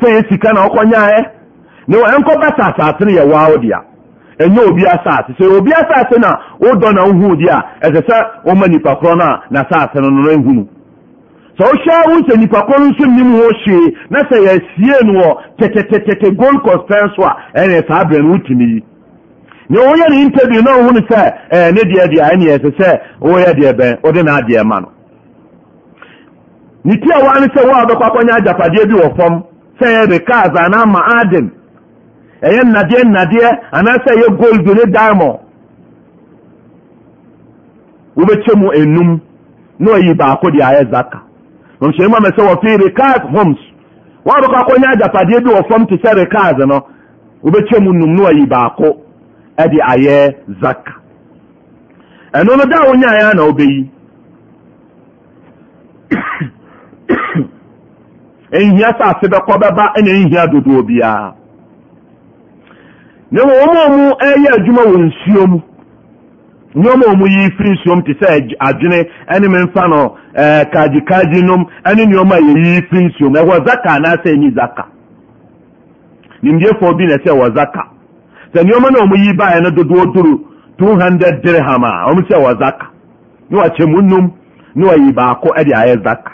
sɛ yɛ sika na wokɔnyaɛ ne ɛnkɔbɛsa asase no waa wo dea ɛnyɛ obi asase sɛ obi asase no a wodɔ na wohuu deɛ a ɛsɛ sɛ woma nnipa korɔ no a n'asase no no nhunu sɛ wohyɛ wo sɛ nnipa korɔ no nso nnim hɔ hwee na sɛ yɛasie no wɔ tɛtɛtɛtɛtɛ gold cospɛn so a ɛne saa berɛ no wotumi yi nea onye ne interview na ɔhu no sɛ ne deɛ deɛ ɛneɛ ɛsɛ sɛ wɔyɛ deɛ bɛn ɔde naadeɛ ma no ne ti a waa ne sɛ wo a wobɛkɔ akɔnya bi fam ma aden ɛyɛ nnadeɛ nnadeɛ anaasɛ gold diamond mu enum na ɔyi baako deɛ ayɛ zaka ɔmhyɛni fi homes waa bi fam no mu num na baako ɛde ayɛ zaka ɛno no da na wobɛyi nhia sɛ ase bɛkɔ bɛba ɛna dodoɔ biara na wɔn a wɔn adwuma wɔ nsuo mu nneɛma wɔn yi firi nsuo mu te sɛ adwene ɛne mmefa no ɛɛ eh, kagyikagyi nom ɛne nneɛma yɛyi firi nsuo mu ɛwɔ zaka anaasɛ ɛni zaka bi na ɛsɛ neɔma ne ɔm yii baɛ no dodoɔ doru 2000 dirham a ɔmsɛ wɔ zaka ne akyɛ mu num ne ayi baako deayɛ aka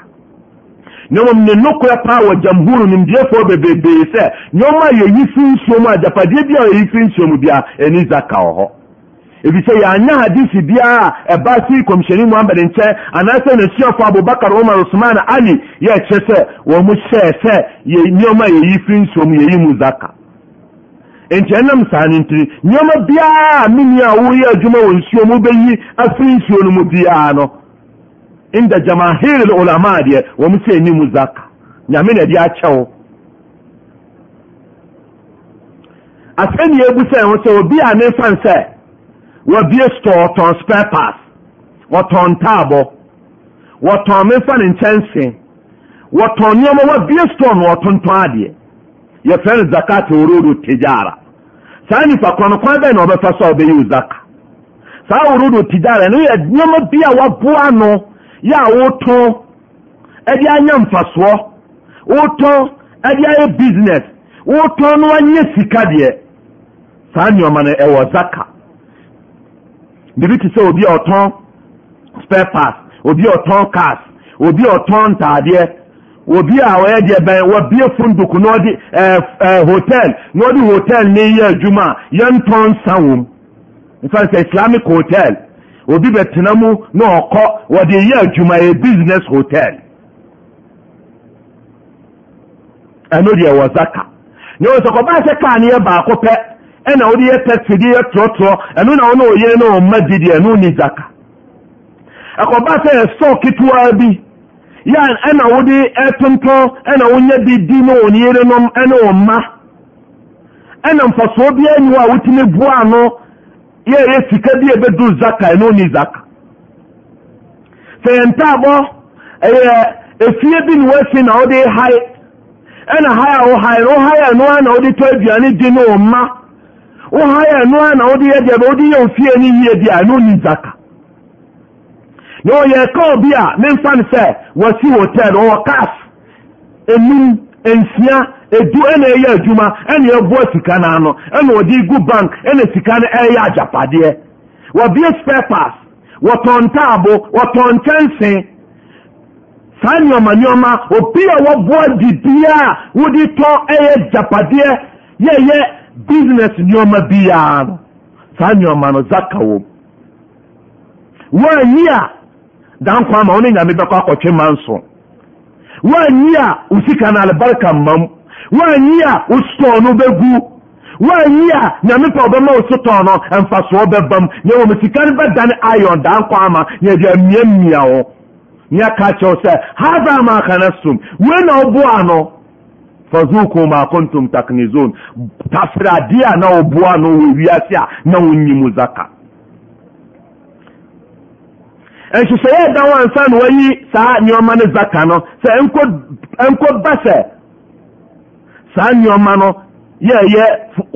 nneɔm ne nokorɛ paa wɔ jamhuru nimdeɛfoɔ bebeebree sɛ nneɔma a yɛyi fri nsuom ajapadeɛ biaɛ fi nsu i ɛniakaɔhɔ fisɛ yɛanyɛ hadise biaa a ɛbase commisiɛni mu aane nkyɛ anaasɛnasuafo abobakar omar utsman ali yɛkyerɛ sɛ ɔm hyɛ sɛɛyf nti ɛnam saa no ntir nneɔma biara menni a woyɛ adwuma wɔ nsuo m wobɛyi afri nsuo no mu biara no nde jamaherel olama deɛ ɔm sɛ ni mu zaka nyamene de akyɛ wo asandeɛ bu sɛho sɛɔbia mefane sɛ wbi sto ɔtɔn spɛpars tɔntabɔ tɔ me fano nkyɛnse tɔnneɔma wbi sto noɔtontɔ adeɛ yɛfrɛ no zakatrrtgara saa nifa kwan bɛn na ɔbɛfa so a ɔbɛyi zaka saa aworodo tijara no yɛ nneɛma bi a waboa no yɛ a wotɔn ɛde anya mfasoɔ wotɔn ɛde ayɛ business wotɔn no wanyɛ sika deɛ saa nneɛma no ɛwɔ zaka biribi te sɛ obi a ɔtɔn spare parts obi a ɔtɔn cars obi a ɔtɔn ntaadeɛ obi a wɔyɛ deɛ bɛn wɔbie funduku na ɔde ɛɛ ɛɛ hotel na ɔde hotel ne yɛ adwuma a yɛntɔn nsa wɔm nsan sɛ islamic hotel obi bɛtena mu na ɔkɔ wɔde yɛ adwuma yɛ business hotel ɛno deɛ wɔ zaka na wɔn sɛ kɔbaa sɛ kaa ne yɛ baako pɛ ɛna wɔde yɛ taxi de yɛ trɔtrɔ ɛno na wɔn a wɔyɛ no wɔn di deɛ ɛno ne zaka ɛkɔbaa sɛ ɛsɔɔ ketewa bi. ɛna wo de tonton ɛna wonya de di no won yerenom ne wo mma ɛna mfasoɔ bia anuɔ a wo tumi boaa no yɛyɛ sika bi a ɛbɛdou saka ɛne oni saka sɛ yɛntabɔ ɛyɛ ɛfie bi ne woasi na wo de hae ɛna hae a wo hae wo hae aɛnoaa na wo de tɔaduane di no wo mma wo hae aɛno a na wode yɛdea bɛ wo de yɛ wofie no hie bi a ɛne oni zaka naɔyɛ kaw bi a me mfa no sɛ wɔasi hotel ɔwɔ kas ɛnum nsia ɛdu ɛna ɛyɛ adwuma ɛneɛboa sika no ano ɛna ɔde gu bank ɛna sika no ɛyɛ adyapadeɛ wabie spɛpars wɔtɔntaabo wɔtɔnkyɛnsee saa nneɔma nneɔma obi a wɔboa dibiar a wode tɔ ɛyɛ gyapadeɛ yɛyɛ business nnoɔma biaa no saa nnoɔma no zaka wɔ m woayia dako ma wo ne nyamebɛkɔ akɔtwema nso woanyi a wo sika no albarika mma m woani a wo sotɔɔ no bɛgu woani a nyame pa wo bɛma wo sotɔɔ no mfasoɔ bɛba m neɛwm sika ne bɛdane ion danko ama neɛdu amia mmia wo neaka kyɛwo sɛ haha makanastum wui na woboa no fa zoko ma cuntum taknizon taferɛadeɛa na oboa no wɔ wiase a na wonyi mu zaka nhyehyɛ yɛ da wo ansa na wayi saa nneɔma no zaka no sɛ ɛnkɔ ba sɛ saa nneɔma no yɛyɛ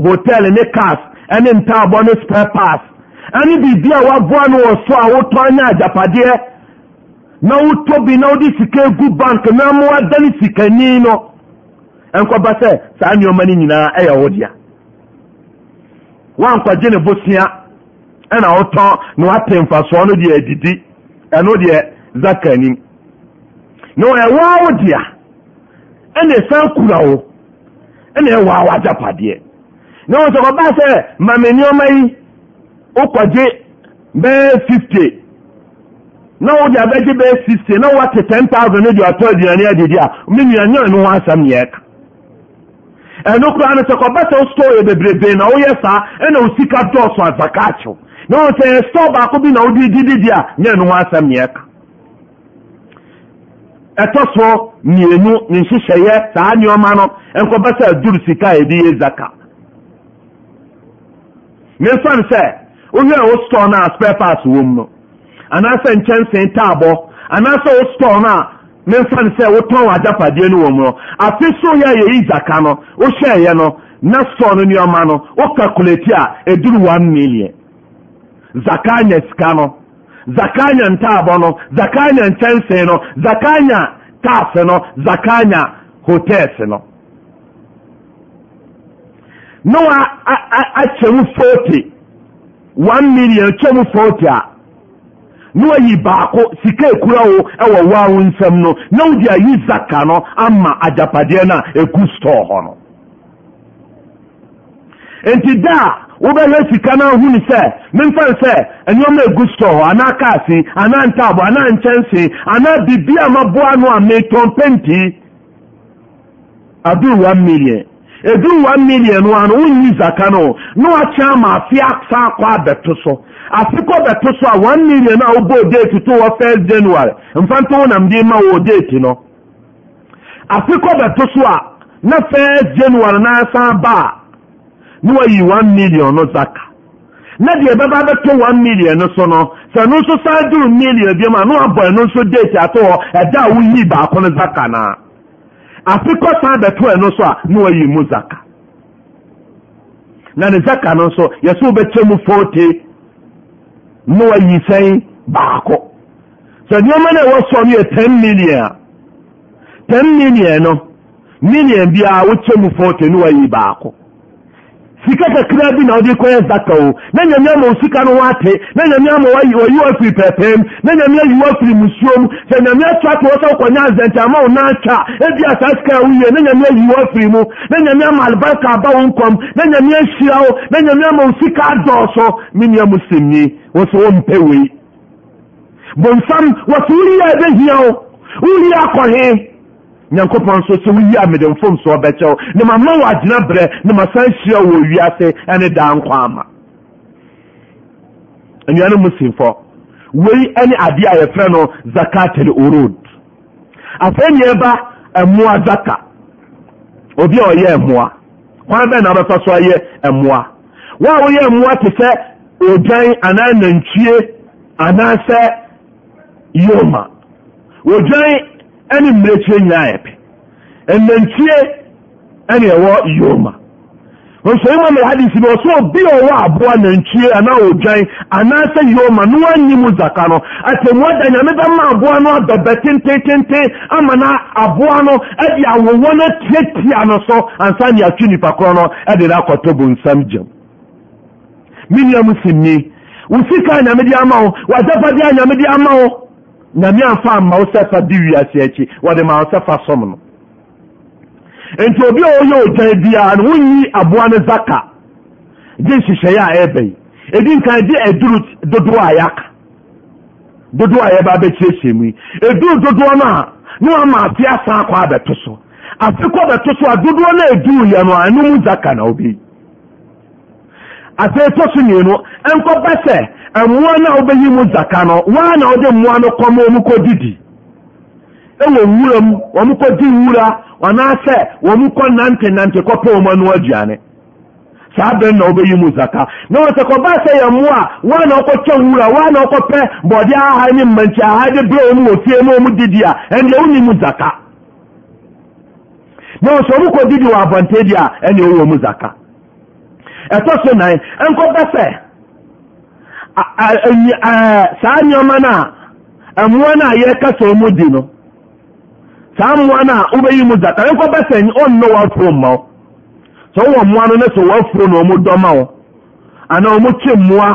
hotel ne cars ɛne ntaabɔ ne spare pass ɛne biribi a woaboa no wɔ so a wotɔ anya agyapadeɛ na wotɔ bi na wode sika gu bank na mmoada ne sikani no ɛnkɔba sɛ saa nneɔma no nyinaa ɛyɛ wo dea woankwagye ne bosea na wotɔn na woate mfasoɔ no deɛ adidi ɛno deɛ zaka nim na ɛwaa wo dea ɛna san kura wo ɛna ɛwaa w'agyapadeɛ na wɔn sɛ ɔbaa sɛ maame nneɛma yi wokɔgye bɛyɛ fifty na wo de abɛgye bɛyɛ sixty na wɔate ten thousand ne de ɔtɔ aduane adidi a me nua nyɛ ne ho asɛm yɛ ka ɛno koraa no sɛ kɔbɛ wo store yɛ bebrebee na woyɛ saa ɛna wo sika dɔɔso azaka akyew na ɔsɛ ɛsɔ baako bi na wode dị a ka ɛtɔ so mmienu ne nhyehyɛeɛ saa no sɛ aduru sika e a yɛde yɛ zaka mefane sɛ wohwɛ na wo stɔɔ no a spare parts wɔ mu no anaasɛ nkyɛnsee taabɔ anaasɛ wo stɔɔ no a memfane sɛ wotɔn adapadeɛ no wɔ mu no afe so yɛ a yɛyi zaka no na stɔɔ no nneɔma no wo calculate a ɛduru e one million Zakanya anya sika no zakanya anya ntaabɔ no zakanya anya nkyɛnsee no zaka anya taase no zaka hotels no na wa akyɛ mu forty one million kyɛ mu forty a na wayi baako sika ekura wo ɛwɔ waa wo nsɛm no na wodi ayi zaka no ama agyapadeɛ no a egu store hɔ no nti daa. wobɛhwɛ sika no ahunu sɛ memfɛne sɛ ɛnneɔma ɛgu sɔ anaa kaase anaa ntaabo anaa nkyɛnse anaa biribi a maboa no a metɔn pɛntii aduru million million no a no wonnyi no na ama afe asa akɔ abɛto so afe kɔ bɛto a one million a wobɔɔ date to wɔ 1 january mfa nto wonamde ma wɔ date no afe kɔ bɛto a na january na asan nwayi 1 milion zaka na deɛ ɛbɛba bɛto one million no so no sɛ no nso million bi mu a no abɔ ɛno e nso date ato hɔ ɛda a baako zaka na apekɔ san bɛto ɛno e so a na yi mu zaka na ne zaka no nso yɛsɛ wobɛkyɛ mu 40 na yi sɛn baako sɛ nneɛma no ɛwɔ soɔ no yɛ million a 10 million no million biara wokyɛ mu 40 na yi baako sika kakra bi na ɔde kɔyɛ zaka o na nyame ama osika no ho ate na nyame ama ɔyi wa firi pɛpɛm na nyame ayi wa firi musuom sɛ nyame ato ato wɔ sɛ wokɔnya azɛnte ama wo naatwa ebi asaa sika a woyie na nyame ayi firi mu na nyame ama albarka aba wo nkɔm na nyame ahyira wo na nyame ama osika adɔɔso me nua muslimni wo sɛ wompɛ wei bonsam wɔso woyie ɛbɛhia wo woyie akɔhe nyankopɔn nso sɛ woyi amedemfo nsoɔ bɛkyɛw na mama wɔ agyina berɛ ne masan hyia wɔ wiase ɛne daa nkɔ ama anuanom mu simfɔ wei ɛne adeɛ a yɛfrɛ no zakat al urud afei nneɛ ba ɛmmoa zaka obi a ɔyɛ mmoa kwan bɛn na wobɛfa so ayɛ mmoa wo a woyɛ mmoa te sɛ odwan anaa nantwie anaasɛ yoma odwan ɛne mmerɛkyerɛ nyinaa yɛ pɛ ɛnantie ɛne ɛwɔ yoma nsɔyima mmerɛ hadisi bi ɔsɛ obi a ɔwɔ aboa nantwie anaa odwan anaasɛ yoma no wanyi mu zaka no atemmua da nyame bɛma aboa no abɛbɛ tententen ama na aboa no ɛde awowɔ no tiatia no so ansa ne atwe nnipa korɔ no ɛde no akɔtɔ bonsam gyam menua mu simni wo sika a nyamede ama wo w'adapadeɛ a nyamede ama wo nyame amfa amma wo sɛ fa di wiase akyi wɔde ma wo sɛ fa som no nti obi a ɔyɛ ogyan biara no wonyi aboa no zaka gye nhyehyɛeɛ a ɛɛba yi ɛdi nkan de aduru dodoɔ a yɛaka dodoɔ a yɛba abɛkyerɛkyerɛ mu yi ɛduru dodoɔ no a na wama ate asan akɔ abɛto so ase kɔ bɛto so a dodoɔ no a ɛduru yɛ no a ɛno mu zaka na wobɛyi ase ɛtɔ so mmienu ɛnkɔba sɛ ẹ̀mùwá náà ọbẹ̀yí mu zaka nọ wọ́n náà ọdẹ mùwá náà kọ́ didi nwura m ọmú di nwura ọ̀nàṣẹ ọmú kọ́ nante nante kọ́ pẹ́ ọmọ ẹnu aduane mu zaka na wọ́n sẹ ya bá sẹ yẹ mùwá wọ́n náà nwura nwa na ọkọ̀ pẹ́ bọ̀dé aha ní mmẹ̀nkyẹ́ aha de bẹ́ẹ̀ ọmú wọ̀ fie ní ọmú didi a mu zaka na wọ́n sọ ọmú kọ́ didi wọ abọ́ntẹ́ di a zaka ẹ̀tọ́ saa nneɛma no a mmoa no a yɛreka sɛ mu di no saa mmoa no a wobɛyi mu zaka ɛnkɔbɛ sɛ ɔnnɔ wafuro mma wo sɛ wowɔ mmoa no no sɛ wafuro na ɔmo dɔ ma wo anaa ɔmo kye mmoa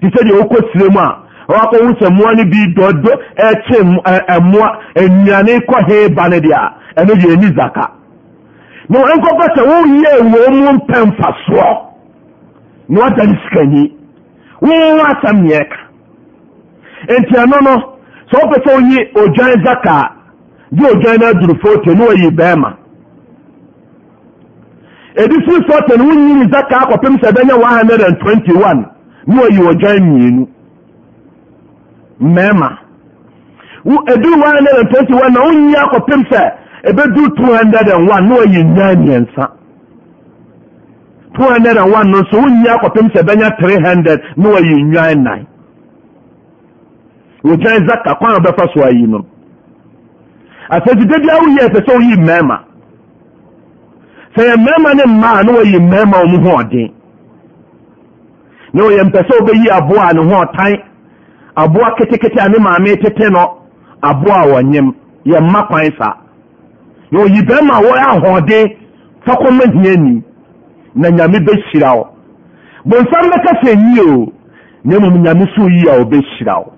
te sɛ deɛ wokɔ sire mu a ɔwakɔwu sɛ mmoa no bi dɔdɔ ɛkye mmoa nnuane kɔ hee ba no deɛ a ɛno deɛ ɛni zaka na ɛnkɔbɛ sɛ woyɛɛ wɔ mu mpɛ mfasoɔ na woada no sikanyi wọ́n asɛm neɛ ɛka nti ɛno no sɛ wopɛ sɛ woyi odwan zakaa gye odwan aduru fote ne wayi bɛrima ɛdi firi fote no wonyini zakaa kɔpem sɛ ɛbɛnya 121 ne wayi odwan mmienu mmarima na wonyi akɔpem sɛ ɛbɛduru na mmiensa. 201 no nso wonyi akɔpem sɛ bɛnya 300 na wayi nnwan nan wogyina zaka kwan a wobɛfa so ayi no asɛgyida bia woyɛ ɛsɛ sɛ woyi mmarima sɛ yɛ mmarima ne mmaa na wayi mmarima wɔ ho ɔden na wɔyɛ mpɛ sɛ aboa ne ho ɔtan aboa ketekete a maame tete no aboa a wɔnyem mma kwan saa na oyi bɛrima wɔyɛ ahoɔden na nyame bɛhyira wo bonsam bɛka sɛ nyie o na mmom nyame so yi a wɔbɛhyira wo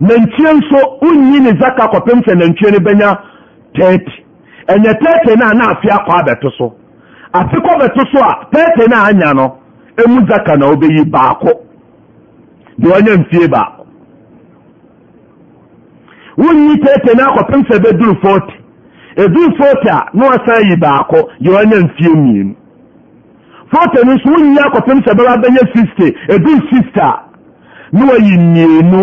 nantwie nso wonyi ne zaka kɔpem sɛ nantwie no bɛnya 30 ɛnyɛ 30 no a na afe akɔ abɛto so afe kɔ so a 30 no a anya no zaka na wobɛyi baako deɛ ɔnya mfie baako wonyi no akɔpem sɛ bɛduru ɛduru a na wasan yi baako deɛ ɔnya mfie mmienu foto no nso wonyinyi akɔpem sɛ bɛba bɛyɛ sixty edu sixty a na yi mmienu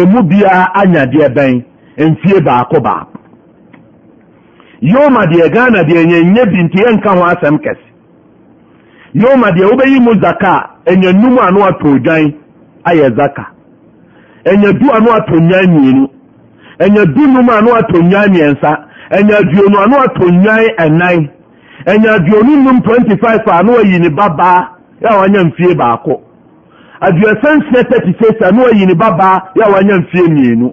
emu biara anya deɛ bɛn mfie baako baako yoma deɛ ghana deɛ yɛnyɛ bi nti nka ho asɛm kɛse yoma deɛ wobɛyi mu zaka ɛnyɛ num ano ato dwan ayɛ zaka ɛnyɛ du ano ato nwan mmienu ɛnyɛ du num ano ato nwan mmiɛnsa ɛnyɛ aduonu ano ato nwan ɛnan ɛnya aduonu num 25 a na wayi ne babaa yɛ a wanya mfie baako aduasa nsia 36 a na wayi ne babaa yɛ a wanya mfie mmienu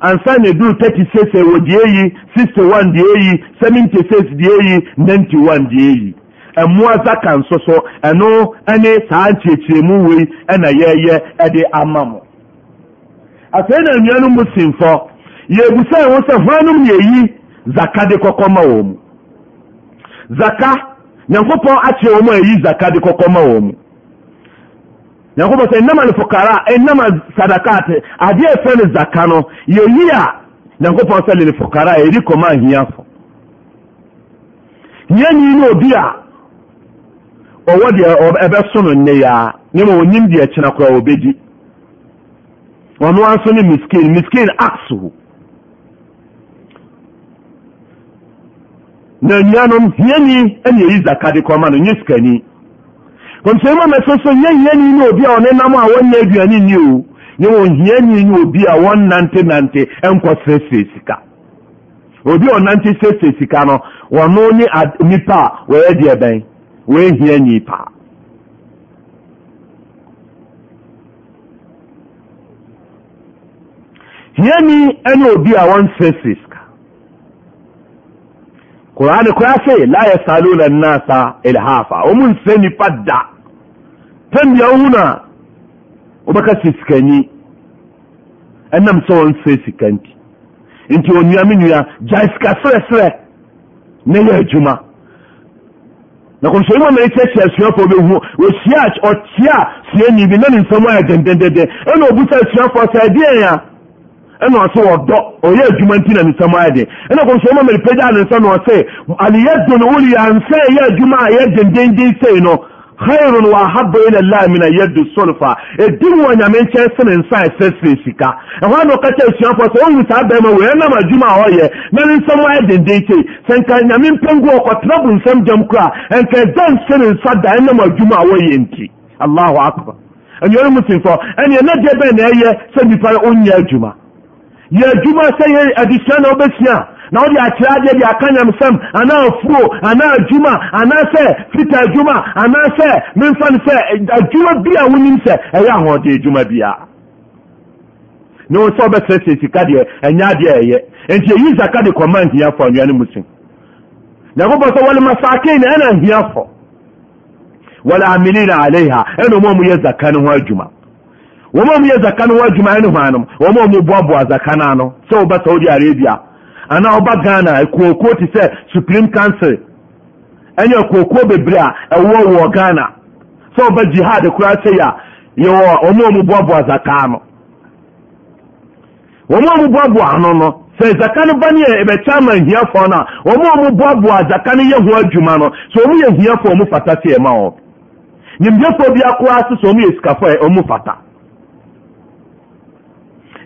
ansa na eduru 36 ɛwɔ deɛ yi 61 deɛ yi 76 deɛ yi 91 die yi ɛmmoa zaka nso so ɛno ɛne saa nkyerɛkyerɛmu wei ɛna yɛyɛ ɛde ama mo afei na nnuanom mu simfɔ sɛ zaka de kɔkɔ ma mu zaka nyankopɔn akyerɛ wɔ m a eyi zaka de kɔkɔma wɔ mu nyankopɔn sɛ ɛnam alfukara ɛnam sadakat adeɛ ɛfrɛ no zaka no yɛyi a nyankopɔn sɛ lelfukara ɛdi kɔma ahiafo ne obi a ɔwɔ deɛ ɛbɛso no nnɛ yɛa na ma ɔnyim deɛ kyena koraa wɔbɛdi ɔno a nso ne miskin miskin na nuanom hia ni ɛyi zaka kɔma no nyɛ sikani kɔmsɛni ma mɛso so nyɛ hiani ne obi a ɔne nam a wɔnyɛ aduane ni o ne wɔn hiani ne obi a wɔnnantenante nkɔsrɛsrɛ sika obi a ɔnante srɛsrɛ sika no wɔno ne nipa a wɔyɛ deɛ bɛn wɔyɛ hiani paa hiani ne obi a wɔnsrɛsrɛ Qur'ani ko ya ce la yasaluna nasa ilhafa o mun sani fadda tan ya huna o baka siskani annam so on se sikanti nti onua me nua jaisika serɛserɛ na yɛ adwuma na kɔmhyɛni mu amɛrɛ kyerɛkyerɛ asuafoɔ bɛhu wɔhyia ɔkyea suani bi na ne nsɛm ayɛ dɛndɛndɛndɛn ɛna ɔbusa asuafoɔ sɛ ɛdeɛn a ɛna ɔsɛ wɔdɔ ɔyɛ adwuma nti na nsɛm ayɛ den ɛna kɔm sɛ ɔmamɛre pagya ne nsa na ɔsɛ aliyɛ dono woli ansɛ ɛyɛ adwuma a ɛyɛ dendenden sei no khairun wa ahabbu ila allah min yadu sulfa edin wa nyame nkyɛn sene nsa ɛsɛsere sika ɛhɔ na ɔka kyɛ asuafoɔ sɛ ɔhu saa bɛrima wei ɛnam adwuma a ɔyɛ na ne nsɛm ayɛ denden kyei sɛ nka nyame mpangu ɔkɔtena bo nsɛm gyam kora ɛnka ɛgya nsene nsa da ɛnam adwuma a wɔyɛ nti allahu akbar anuanom musimfoɔ ɛneɛ na deɛ bɛn na ɛyɛ sɛ nnipa ɔnyɛ adwuma yɛ adwuma sɛ yɛ adesua na wobɛsua na wode akyerɛ adeɛ de aka nyamsɛm anaa afuo anaa adwuma anaasɛ fita adwuma anaasɛ memfa no sɛ adwuma eh, bi a wonim sɛ ɛyɛ ahoɔden adwuma biaa ne wo sɛ wobɛsrɛsrɛ sika deɛ ɛnyɛ adeɛ ɛyɛ enti ɛyi saka de kɔma nhiafo anwua no mu sen nyankopɔn sɛ wɔlemasaken na ɛna nhiafɔ wɔlamilina alaiha ɛna ɔmu a muyɛ zaka no ho adwuma wọ́n mu yɛ zaka no wɔn adwuma ne hwan no wɔn boaboa zaka na ano sɛ ɔba saudi arabia anaa ɔba ghana te sɛ supreme council bebree a ɛwɔ wɔ ghana sɛ ɔba jihad yɛwɔ wɔn boaboa zaka no wɔn mu boaboa ano no sɛ zaka no ba ne yɛ ɛbɛkyɛ ama no a wɔn boaboa zaka no yɛ ho adwuma no so wɔn yɛ wɔn fata se ɛma wɔn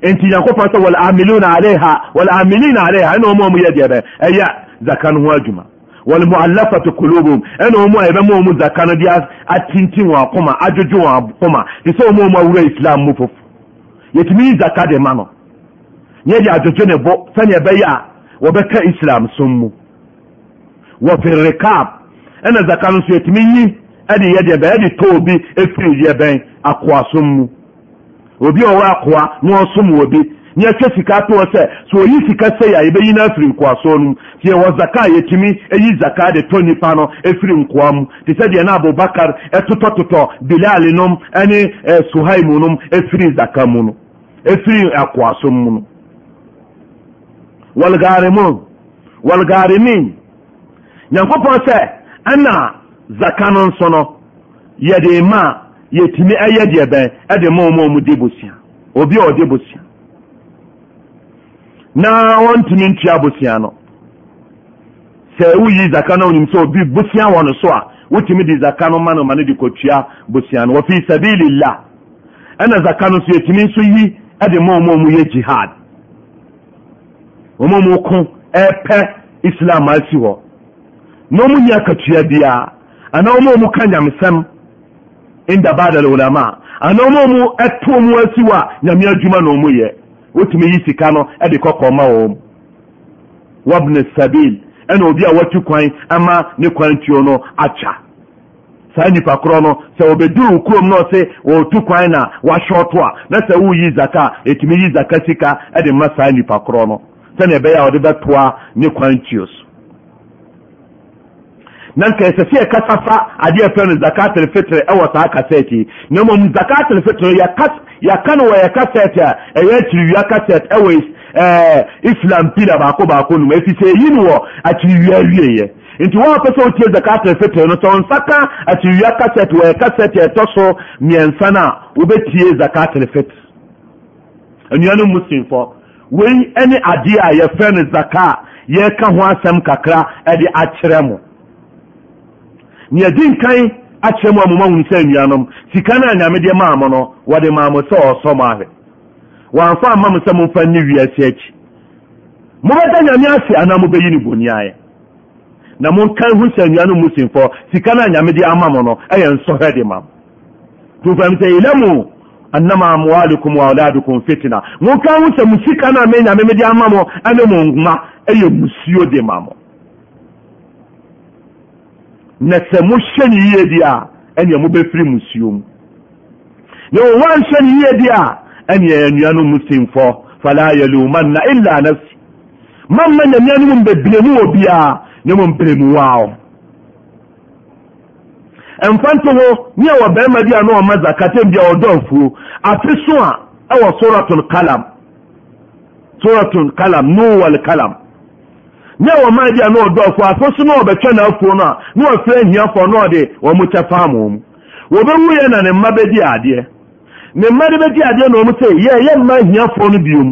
nti nyankopɔn sɛ walamiluna alaiha walamilina alaiha ɛna ɔmu a mu deɛ bɛ ɛyɛ zaka no ho adwuma walmuallafatu kulubum ɛna a yɛbɛma ɔmu zaka no de atintin wɔn akoma adwodwo wɔn akoma te sɛ ɔmu a islam mu fofo yɛtumi yi zaka de ma no nyɛ de adwodwo ne bo ɛbɛyɛ a wɔbɛka islam som mu ɛna zaka no nso yɛtumi yi ɛde yɛ deɛ bɛn ɛde tɔɔ obi a ɔwɔ akoa na ɔsom wɔ bi na yɛtwa sika to wɔ sɛ sɛ ɔyi sika sɛ yɛ a yɛbɛyi no afiri nkoasoɔ no mu nti yɛwɔ zaka a yɛtumi yi zaka de tɔ nnipa no afiri nkoa mu te sɛ deɛ na abubakar ɛtotɔtotɔ bilal nom ne suhaim nom afiri zaka mu no afiri akoasom mu no walgaremon walgaremin nyankopɔn sɛ ɛna zaka no nso no yɛde ma yɛtumi ɛyɛ deɛ bɛn ɛde mɔmɔ mu de bosea obi a ɔde bosea na wɔntumi ntua bosea no sɛ woyi zaka no wonim sɛ obi bosea wɔ no so a wotumi de zaka no ma no ma no de kɔtua bosea no wɔfi sabilillah ɛna zaka no so yɛtumi nso yi ɛde mɔmɔ mu yɛ jihad ɔmɔ mu ko ɛpɛ islam asi hɔ na ɔmu nya akatua biara anaa ɔmɔ mu ka nyamesɛm inda badal ulama ana ɔmo mu ɛto mu asiw a nyame adwuma na ɔmo yɛ wotumi yi sika no ɛde kɔkɔɔ ma wɔn wabne sabil ɛna obi a watu kwan ama ne kwan tuo no akya saa nipa korɔ no sɛ wɔbɛduru kurom na ɔse wɔtu kwan na wahyɛ ɔto a na sɛ woyi zaka etumi yi zaka sika ɛde ma saa nipa korɔ no sɛnea ɛbɛyɛ a ɔde bɛtoa ne kwan tuo so nan kai tafiya ka sassa a jiya fɛn zakatul fitr ɛwɔ saa kasɛti na mom zakatul fitr ya kas ya kan wa ya kasɛt a ɛyɛ eh, tiriwia kasɛt ɛwɔ eh, ɛɛ eh, islam pila baako baako num efi sɛ eyi ni wɔ atiriwia wie yɛ nti wɔn apɛ sɛ otie zakatul fitr no sɛ wɔn nsaka atiriwia kasɛt wɔ kasɛt a ɛtɔ so mmiɛnsa na wobɛtie zakatul fitr anuanom muslimfo wei ɛne adeɛ a yɛfrɛ no zaka yɛka ho asɛm kakra ɛde akyerɛ mo nea di nkan akyerɛ mu amoma sɛ sika no a nyamedeɛ maa mo no wɔde maa mo sɛ ɔsɔ mo ahwɛ wɔamfa amma mo sɛ momfa nni wiase akyi mobɛda nyame ase anaa mobɛyi na hu sɛ sika no a ama mo no ɛyɛ nsɔhwɛ de ma mo tumfam sɛ ilamu annama amwalukum wa fitna hu sɛ mo sika no a me nyame mede ama mo ɛne mo nma ɛyɛ musuo de ma mo nasɛ mohwɛ ne yiediɛ a ɛnea mobɛfiri mu suo mu ne mɔwɔa nhwɛ ne yiediɛ a ɛnea anua nom mu simfɔ fala yalomanna ila nasi mamma nyanea nomu mbɛbremu wɔ biara ne momberemu wɔ a ɔ ɛmfa nto ho nea wɔ barima bi a na ɔmmaza katam bi a wɔdɔɔafuo afe so a ɛwɔ sorato kalam soraton kalam nor walkalam nye wɔn a deɛ no ɔdɔɔfo asoso na ɔbɛtwa n'afuo no a na ɔfrɛ ahiafoɔ na ɔde wɔn kyɛ paama wɔn wɔbɛwu yɛ na ne mma bɛdi adeɛ ne mma de bɛdi adeɛ na wɔn sɛ yɛ yɛ mma ahiafoɔ no biom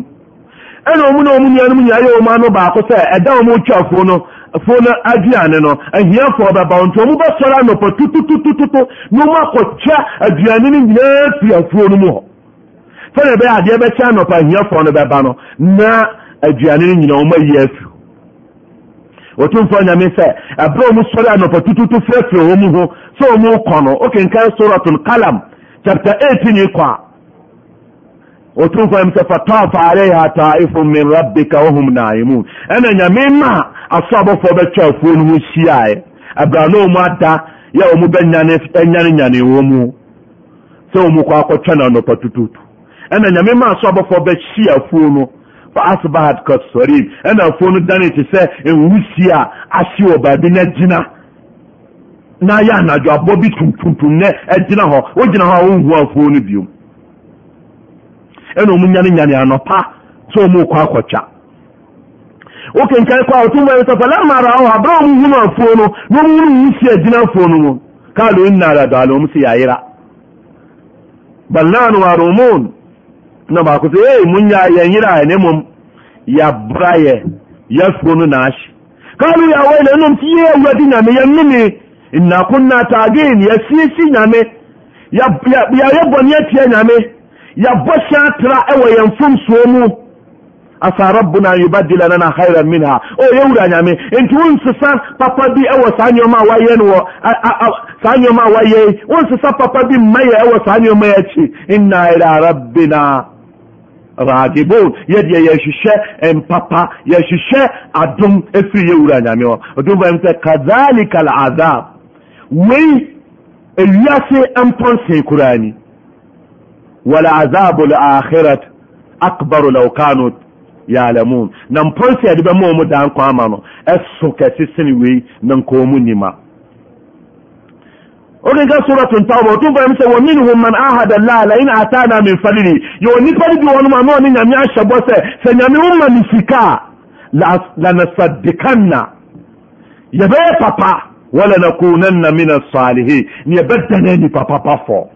ɛna wɔn na wɔn nuanom nyinaa yɛ wɔn ano baako sɛ ɛda wɔn otwa afuo no afuo no aduane no ahiafoɔ bɛba wɔn nti wɔn bɛsɔre anɔpɔ tututututu na wɔn akɔkyɛ aduane no nyinaa fi afuo no mu hɔ fɛn otumf nyame sɛ ɛberɛ omu sɔre anɔpa tututu frɛfirɛ mu sɛ omu kɔno okenkɛ suratun kalam chapta 8inkɔa tumsɛ fatafa alaiha taiphu min rabika wahum naimoon ɛna nyame ma asɔ abɔfɔɔ bɛtwa afuo nohoiaɛ brɛnmu adayɛmyane yanemuɛm akɔwano anɔpa tmaio fa asbahat kasarim ɛna afuo no dane te sɛ nwusie a ahye wɔ baabi na gyina na ayɛ anadwo abɔ bi tuntumtum nɛ ɛgyina hɔ wogyina hɔ a wonhu afuo no biom ɛna ɔmu nyane nyane anɔpa sɛ ɔmu kɔ akɔtwa wokenkan kɔ a ɔtumfo sɛ falama raho abra ɔmu hunu afuo no na ɔmu hunu nwusie agyina afuo no mu kalo inna la dalom sɛ yɛayera bal nahnu na baako sɛ ee mun ya yɛn yira ne mom ya yɛ yɛafuo no na si ti yɛ ya nyame yɛmene ya taagin yɛsiesi nyame yɛyɛ bɔne atia nyame yɛbɔ hyɛ atra ɛwɔ yɛn mfomsoɔ mu asa rabbuna an yubadila nana minha o yɛwura nyame nti papa bi a wayɛ no wɔ saa nneɔma a wayɛ wonsesa papa bi mma yɛ ɛwɔ byɛdeɛ yɛhweswɛ eh, mpapa yɛheswɛ adom ɛfiri yɛ wura nyame wa ɛduivmsɛ kadhalika aladzab wei ɛwiase mpɔnsen koraani waaladabu lahirat akbaru lau kano yalamuun na mponse de bɛmao mu dankoama no ɛso kɛsesene wei nankoo mu nima okenka surat ntawma ɔtum fam sɛ waminhum man ahada llaha lain atana min fadiri yɛwɔ nipa re bi wɔnom aneɔne yame ahyɛbɔ sɛ sɛ yame o ma ne sikaa lanasaddikanna yɛbɛyɛ papa wala nakunanna min aلsalehin neyɛbɛdanɛ nipapapa fɔ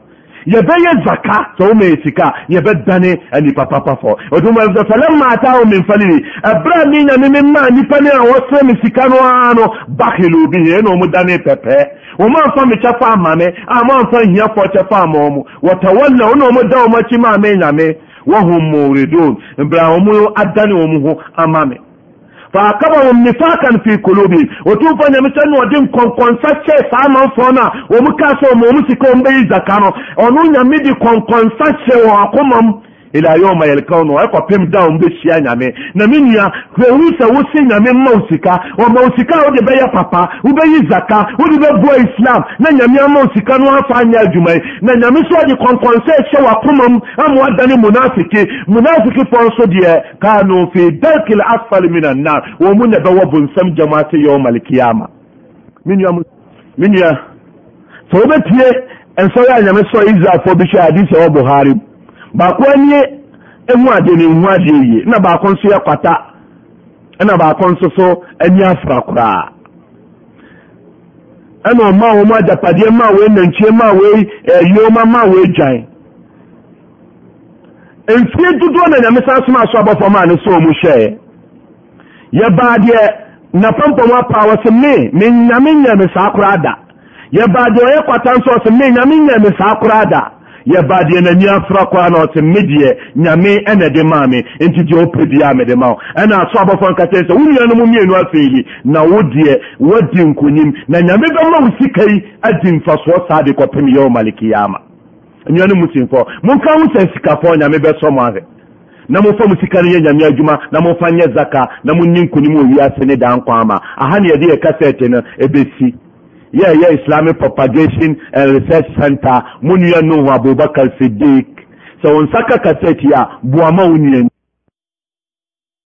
yɛbɛyɛ zaka sɛ woma yɛ sika yɛbɛdane anipa papa fɔ ɔtumfɛ falama atahum min fadlihi ɛberɛ a me nyame me maa nnipa ne a wɔsrɛ me sika no ara no bahelo bihi ɛna ɔmu dane pɛpɛɛ wɔmaamfa me kyɛ fa ama me a moamfa nhiafoɔ kyɛ fa ama ɔ mu wɔtawalla wona ɔmu da ɔm maa me nyame wahum muridun mbrɛ ɔmu adane ɔ mu ho ama me faakabahum nifakan fi kulubi wɔtumfo nyame sɛ ne ɔde nkɔnkɔnsa kyɛɛ saa amanfoɔ no a ɔmu ka sɛ ɔma ɔmu sika ɔmbɛyi zaka no ɔno nyame de kɔnkɔnsa kyɛ wɔ ila yoma yelkawno ɛkɔ pem da wɔn bɛhyia nyame na me nua hwɛhu sɛ wose nyame mma wo sika ɔma wo sika a wode bɛyɛ papa wobɛyi zaka wode bɛboa islam na nyame ama wo sika no afa anyɛ adwuma yi na nyame so ɔde kɔnkɔn sɛ ɛhyɛ wakoma mu ama woadane munafiki munafiki pɔ nso deɛ kano fi dalkil asfal min annar wɔn mu na ɛbɛwɔ bonsam jamaate yoma alkiyama me nua me nua sɛ wobɛtie ɛnsɛ yɛ a nyame sɔ israelfoɔ bi hwɛ hadisɛ wɔ buhari mu baako ani ehu ade ne nhu ade yie na baako nso yɛ kwata ɛna baako nso so ani afra koraa ɛna ɔma wɔn adapadeɛ ma wei nantwie ma wei ɛyoma ma wei dwan mfie dodoɔ na nyame san soma so abɔfra ma ne so ɔmo hyɛɛ yɛbaa deɛ napampam apa wɔ sɛ me me nyame nyɛ me saa koraa da yɛbaa deɛ ɔyɛ kwata nso ɔsɛ me nyame nyɛ me saa koraa da yɛba deɛ n'ani afra kɔ a na ɔte me deɛ nyame ɛna de maa me nti deɛ wopɛ biaa mede ma wo ɛna aso abɔfoɔ nka kyerɛ sɛ wo mmienu yi na wo deɛ woadi na nyame bɛma wo sika yi adi mfasoɔ saa de kɔpem yɛwo mu monka sɛ sikafɔ nyame bɛsɔ mo na momfa sika no yɛ nyame adwuma na momfa nyɛ zaka na monni nkonim wɔ ne daa nkwa ama aha ne yɛde yɛ kasɛte no yẹ́ẹ̀yẹ́ yeah, yeah, islamic propagation and research center mu nua no wɔ abubakar sadiq sɛ wɔn nsa kaka sɛti a buama wɔn nua no.